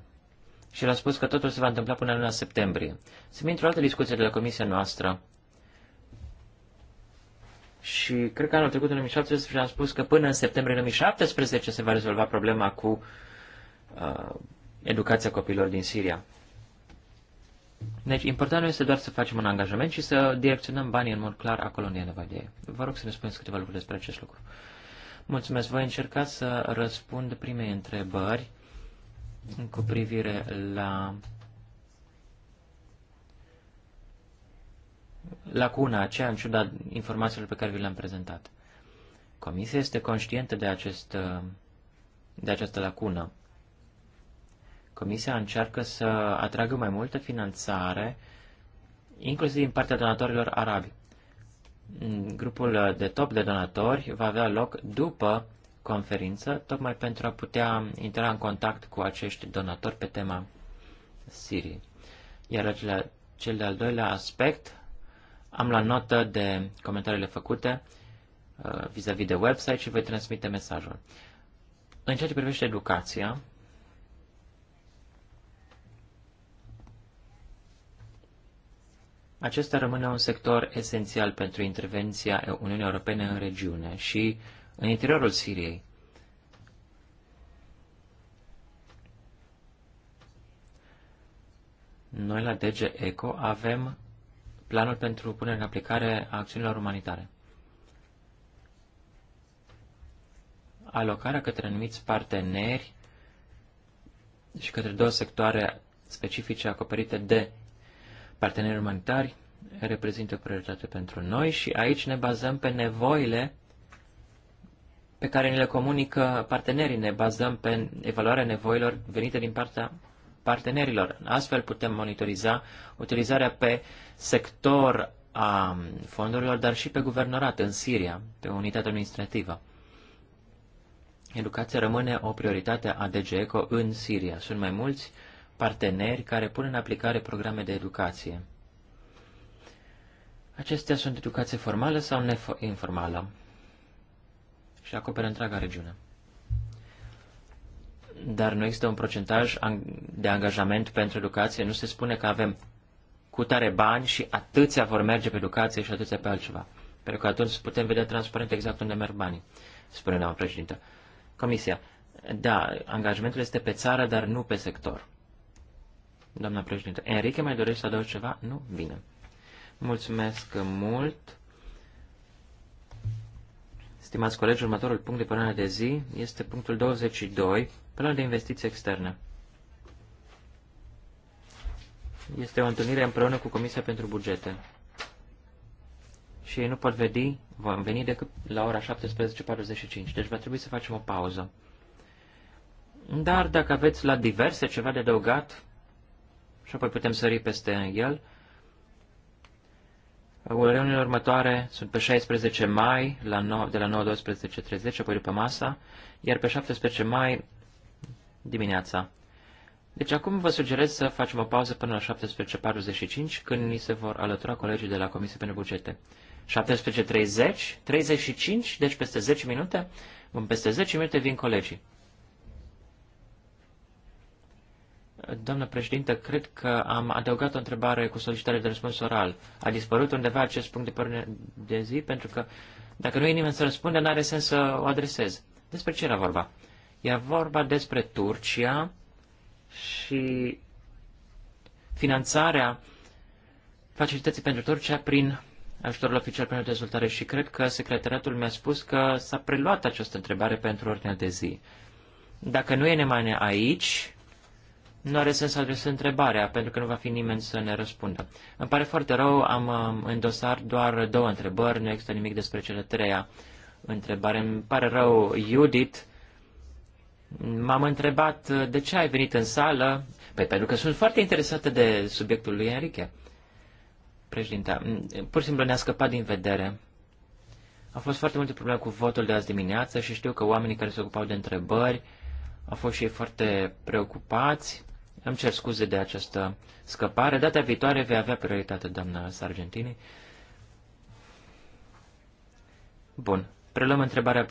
Și l-a spus că totul se va întâmpla până în luna septembrie. Se mi o altă discuție de la comisia noastră. Și cred că anul trecut, în 2017, am spus că până în septembrie 2017 se va rezolva problema cu uh, educația copiilor din Siria. Deci, important este doar să facem un angajament și să direcționăm banii în mod clar acolo unde e nevoie de ei. Vă rog să ne spuneți câteva lucruri despre acest lucru. Mulțumesc. Voi încerca să răspund primei întrebări cu privire la lacuna aceea, în ciuda informațiilor pe care vi le-am prezentat. Comisia este conștientă de, acest, de această lacună Comisia încearcă să atragă mai multă finanțare, inclusiv din partea donatorilor arabi. Mm, Grupul de top de donatori va avea loc după conferință, tocmai pentru a putea intra în contact cu acești donatori pe tema Siriei. Iar cel de-al doilea aspect, am la notă de comentariile făcute uh, vis-a-vis -vis de website și voi transmite mesajul. În ceea ce privește educația, Acesta rămâne un sector esențial pentru intervenția Uniunii Europene în regiune și în interiorul Siriei. Noi la DG ECO avem planul pentru punerea în aplicare a acțiunilor umanitare. Alocarea către anumiți parteneri și către două sectoare specifice acoperite de Partenerii umanitari reprezintă prioritate pentru noi și aici ne bazăm pe nevoile pe care ni le comunică partenerii, ne bazăm pe evaluarea nevoilor venite din partea partenerilor. Astfel putem monitoriza utilizarea pe sector a fondurilor, dar și pe guvernorat în Siria, pe unitatea administrativă. Educația rămâne o prioritate a DGECO în Siria. Sunt mai mulți parteneri care pun în aplicare programe de educație. Acestea sunt educație formală sau informală și acoperă întreaga regiune. Dar nu există un procentaj de angajament pentru educație, nu se spune că avem cu tare bani și atâția vor merge pe educație și atâția pe altceva. Pentru că atunci putem vedea transparent exact unde merg banii, spune doamna președintă. Comisia. Da, angajamentul este pe țară, dar nu pe sector. Doamna președinte, Enrique, mai dorești să adaugi ceva? Nu? Bine. Mulțumesc mult. Stimați colegi, următorul punct de până de zi este punctul 22, planul de investiții externe. Este o întâlnire împreună cu Comisia pentru Bugete. Și ei nu pot vedi, vom veni decât la ora 17.45, deci va trebui să facem o pauză. Dar dacă aveți la diverse ceva de adăugat, și apoi putem sări peste el. Reuniunile următoare sunt pe 16 mai la 9, de la 9.12.30, apoi după masa, iar pe 17 mai dimineața. Deci acum vă sugerez să facem o pauză până la 17.45, când ni se vor alătura colegii de la Comisie pentru Bugete. 17.30, 35, deci peste 10 minute, peste 10 minute vin colegii. Doamnă președintă, cred că am adăugat o întrebare cu solicitare de răspuns oral. A dispărut undeva acest punct de părere de zi? Pentru că dacă nu e nimeni să răspunde, n-are sens să o adresez. Despre ce era vorba? E vorba despre Turcia și finanțarea facilității pentru Turcia prin ajutorul oficial pentru dezvoltare și cred că secretariatul mi-a spus că s-a preluat această întrebare pentru ordinea de zi. Dacă nu e nimeni aici, nu are sens să adresez întrebarea, pentru că nu va fi nimeni să ne răspundă. Îmi pare foarte rău, am um, în dosar doar două întrebări, nu există nimic despre cele treia întrebare. Îmi pare rău, Judith, m-am întrebat uh, de ce ai venit în sală. Păi pentru că sunt foarte interesată de subiectul lui Enrique. Președinte, mm, pur și simplu ne-a scăpat din vedere. Au fost foarte multe probleme cu votul de azi dimineață și știu că oamenii care se ocupau de întrebări au fost și ei foarte preocupați. Îmi cer scuze de această scăpare. Data viitoare vei avea prioritate, doamna Sargentini. Bun. Preluăm întrebarea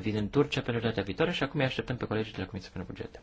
vizând Turcia pentru data viitoare și acum îi așteptăm pe colegii de la Comisia pentru Bugete.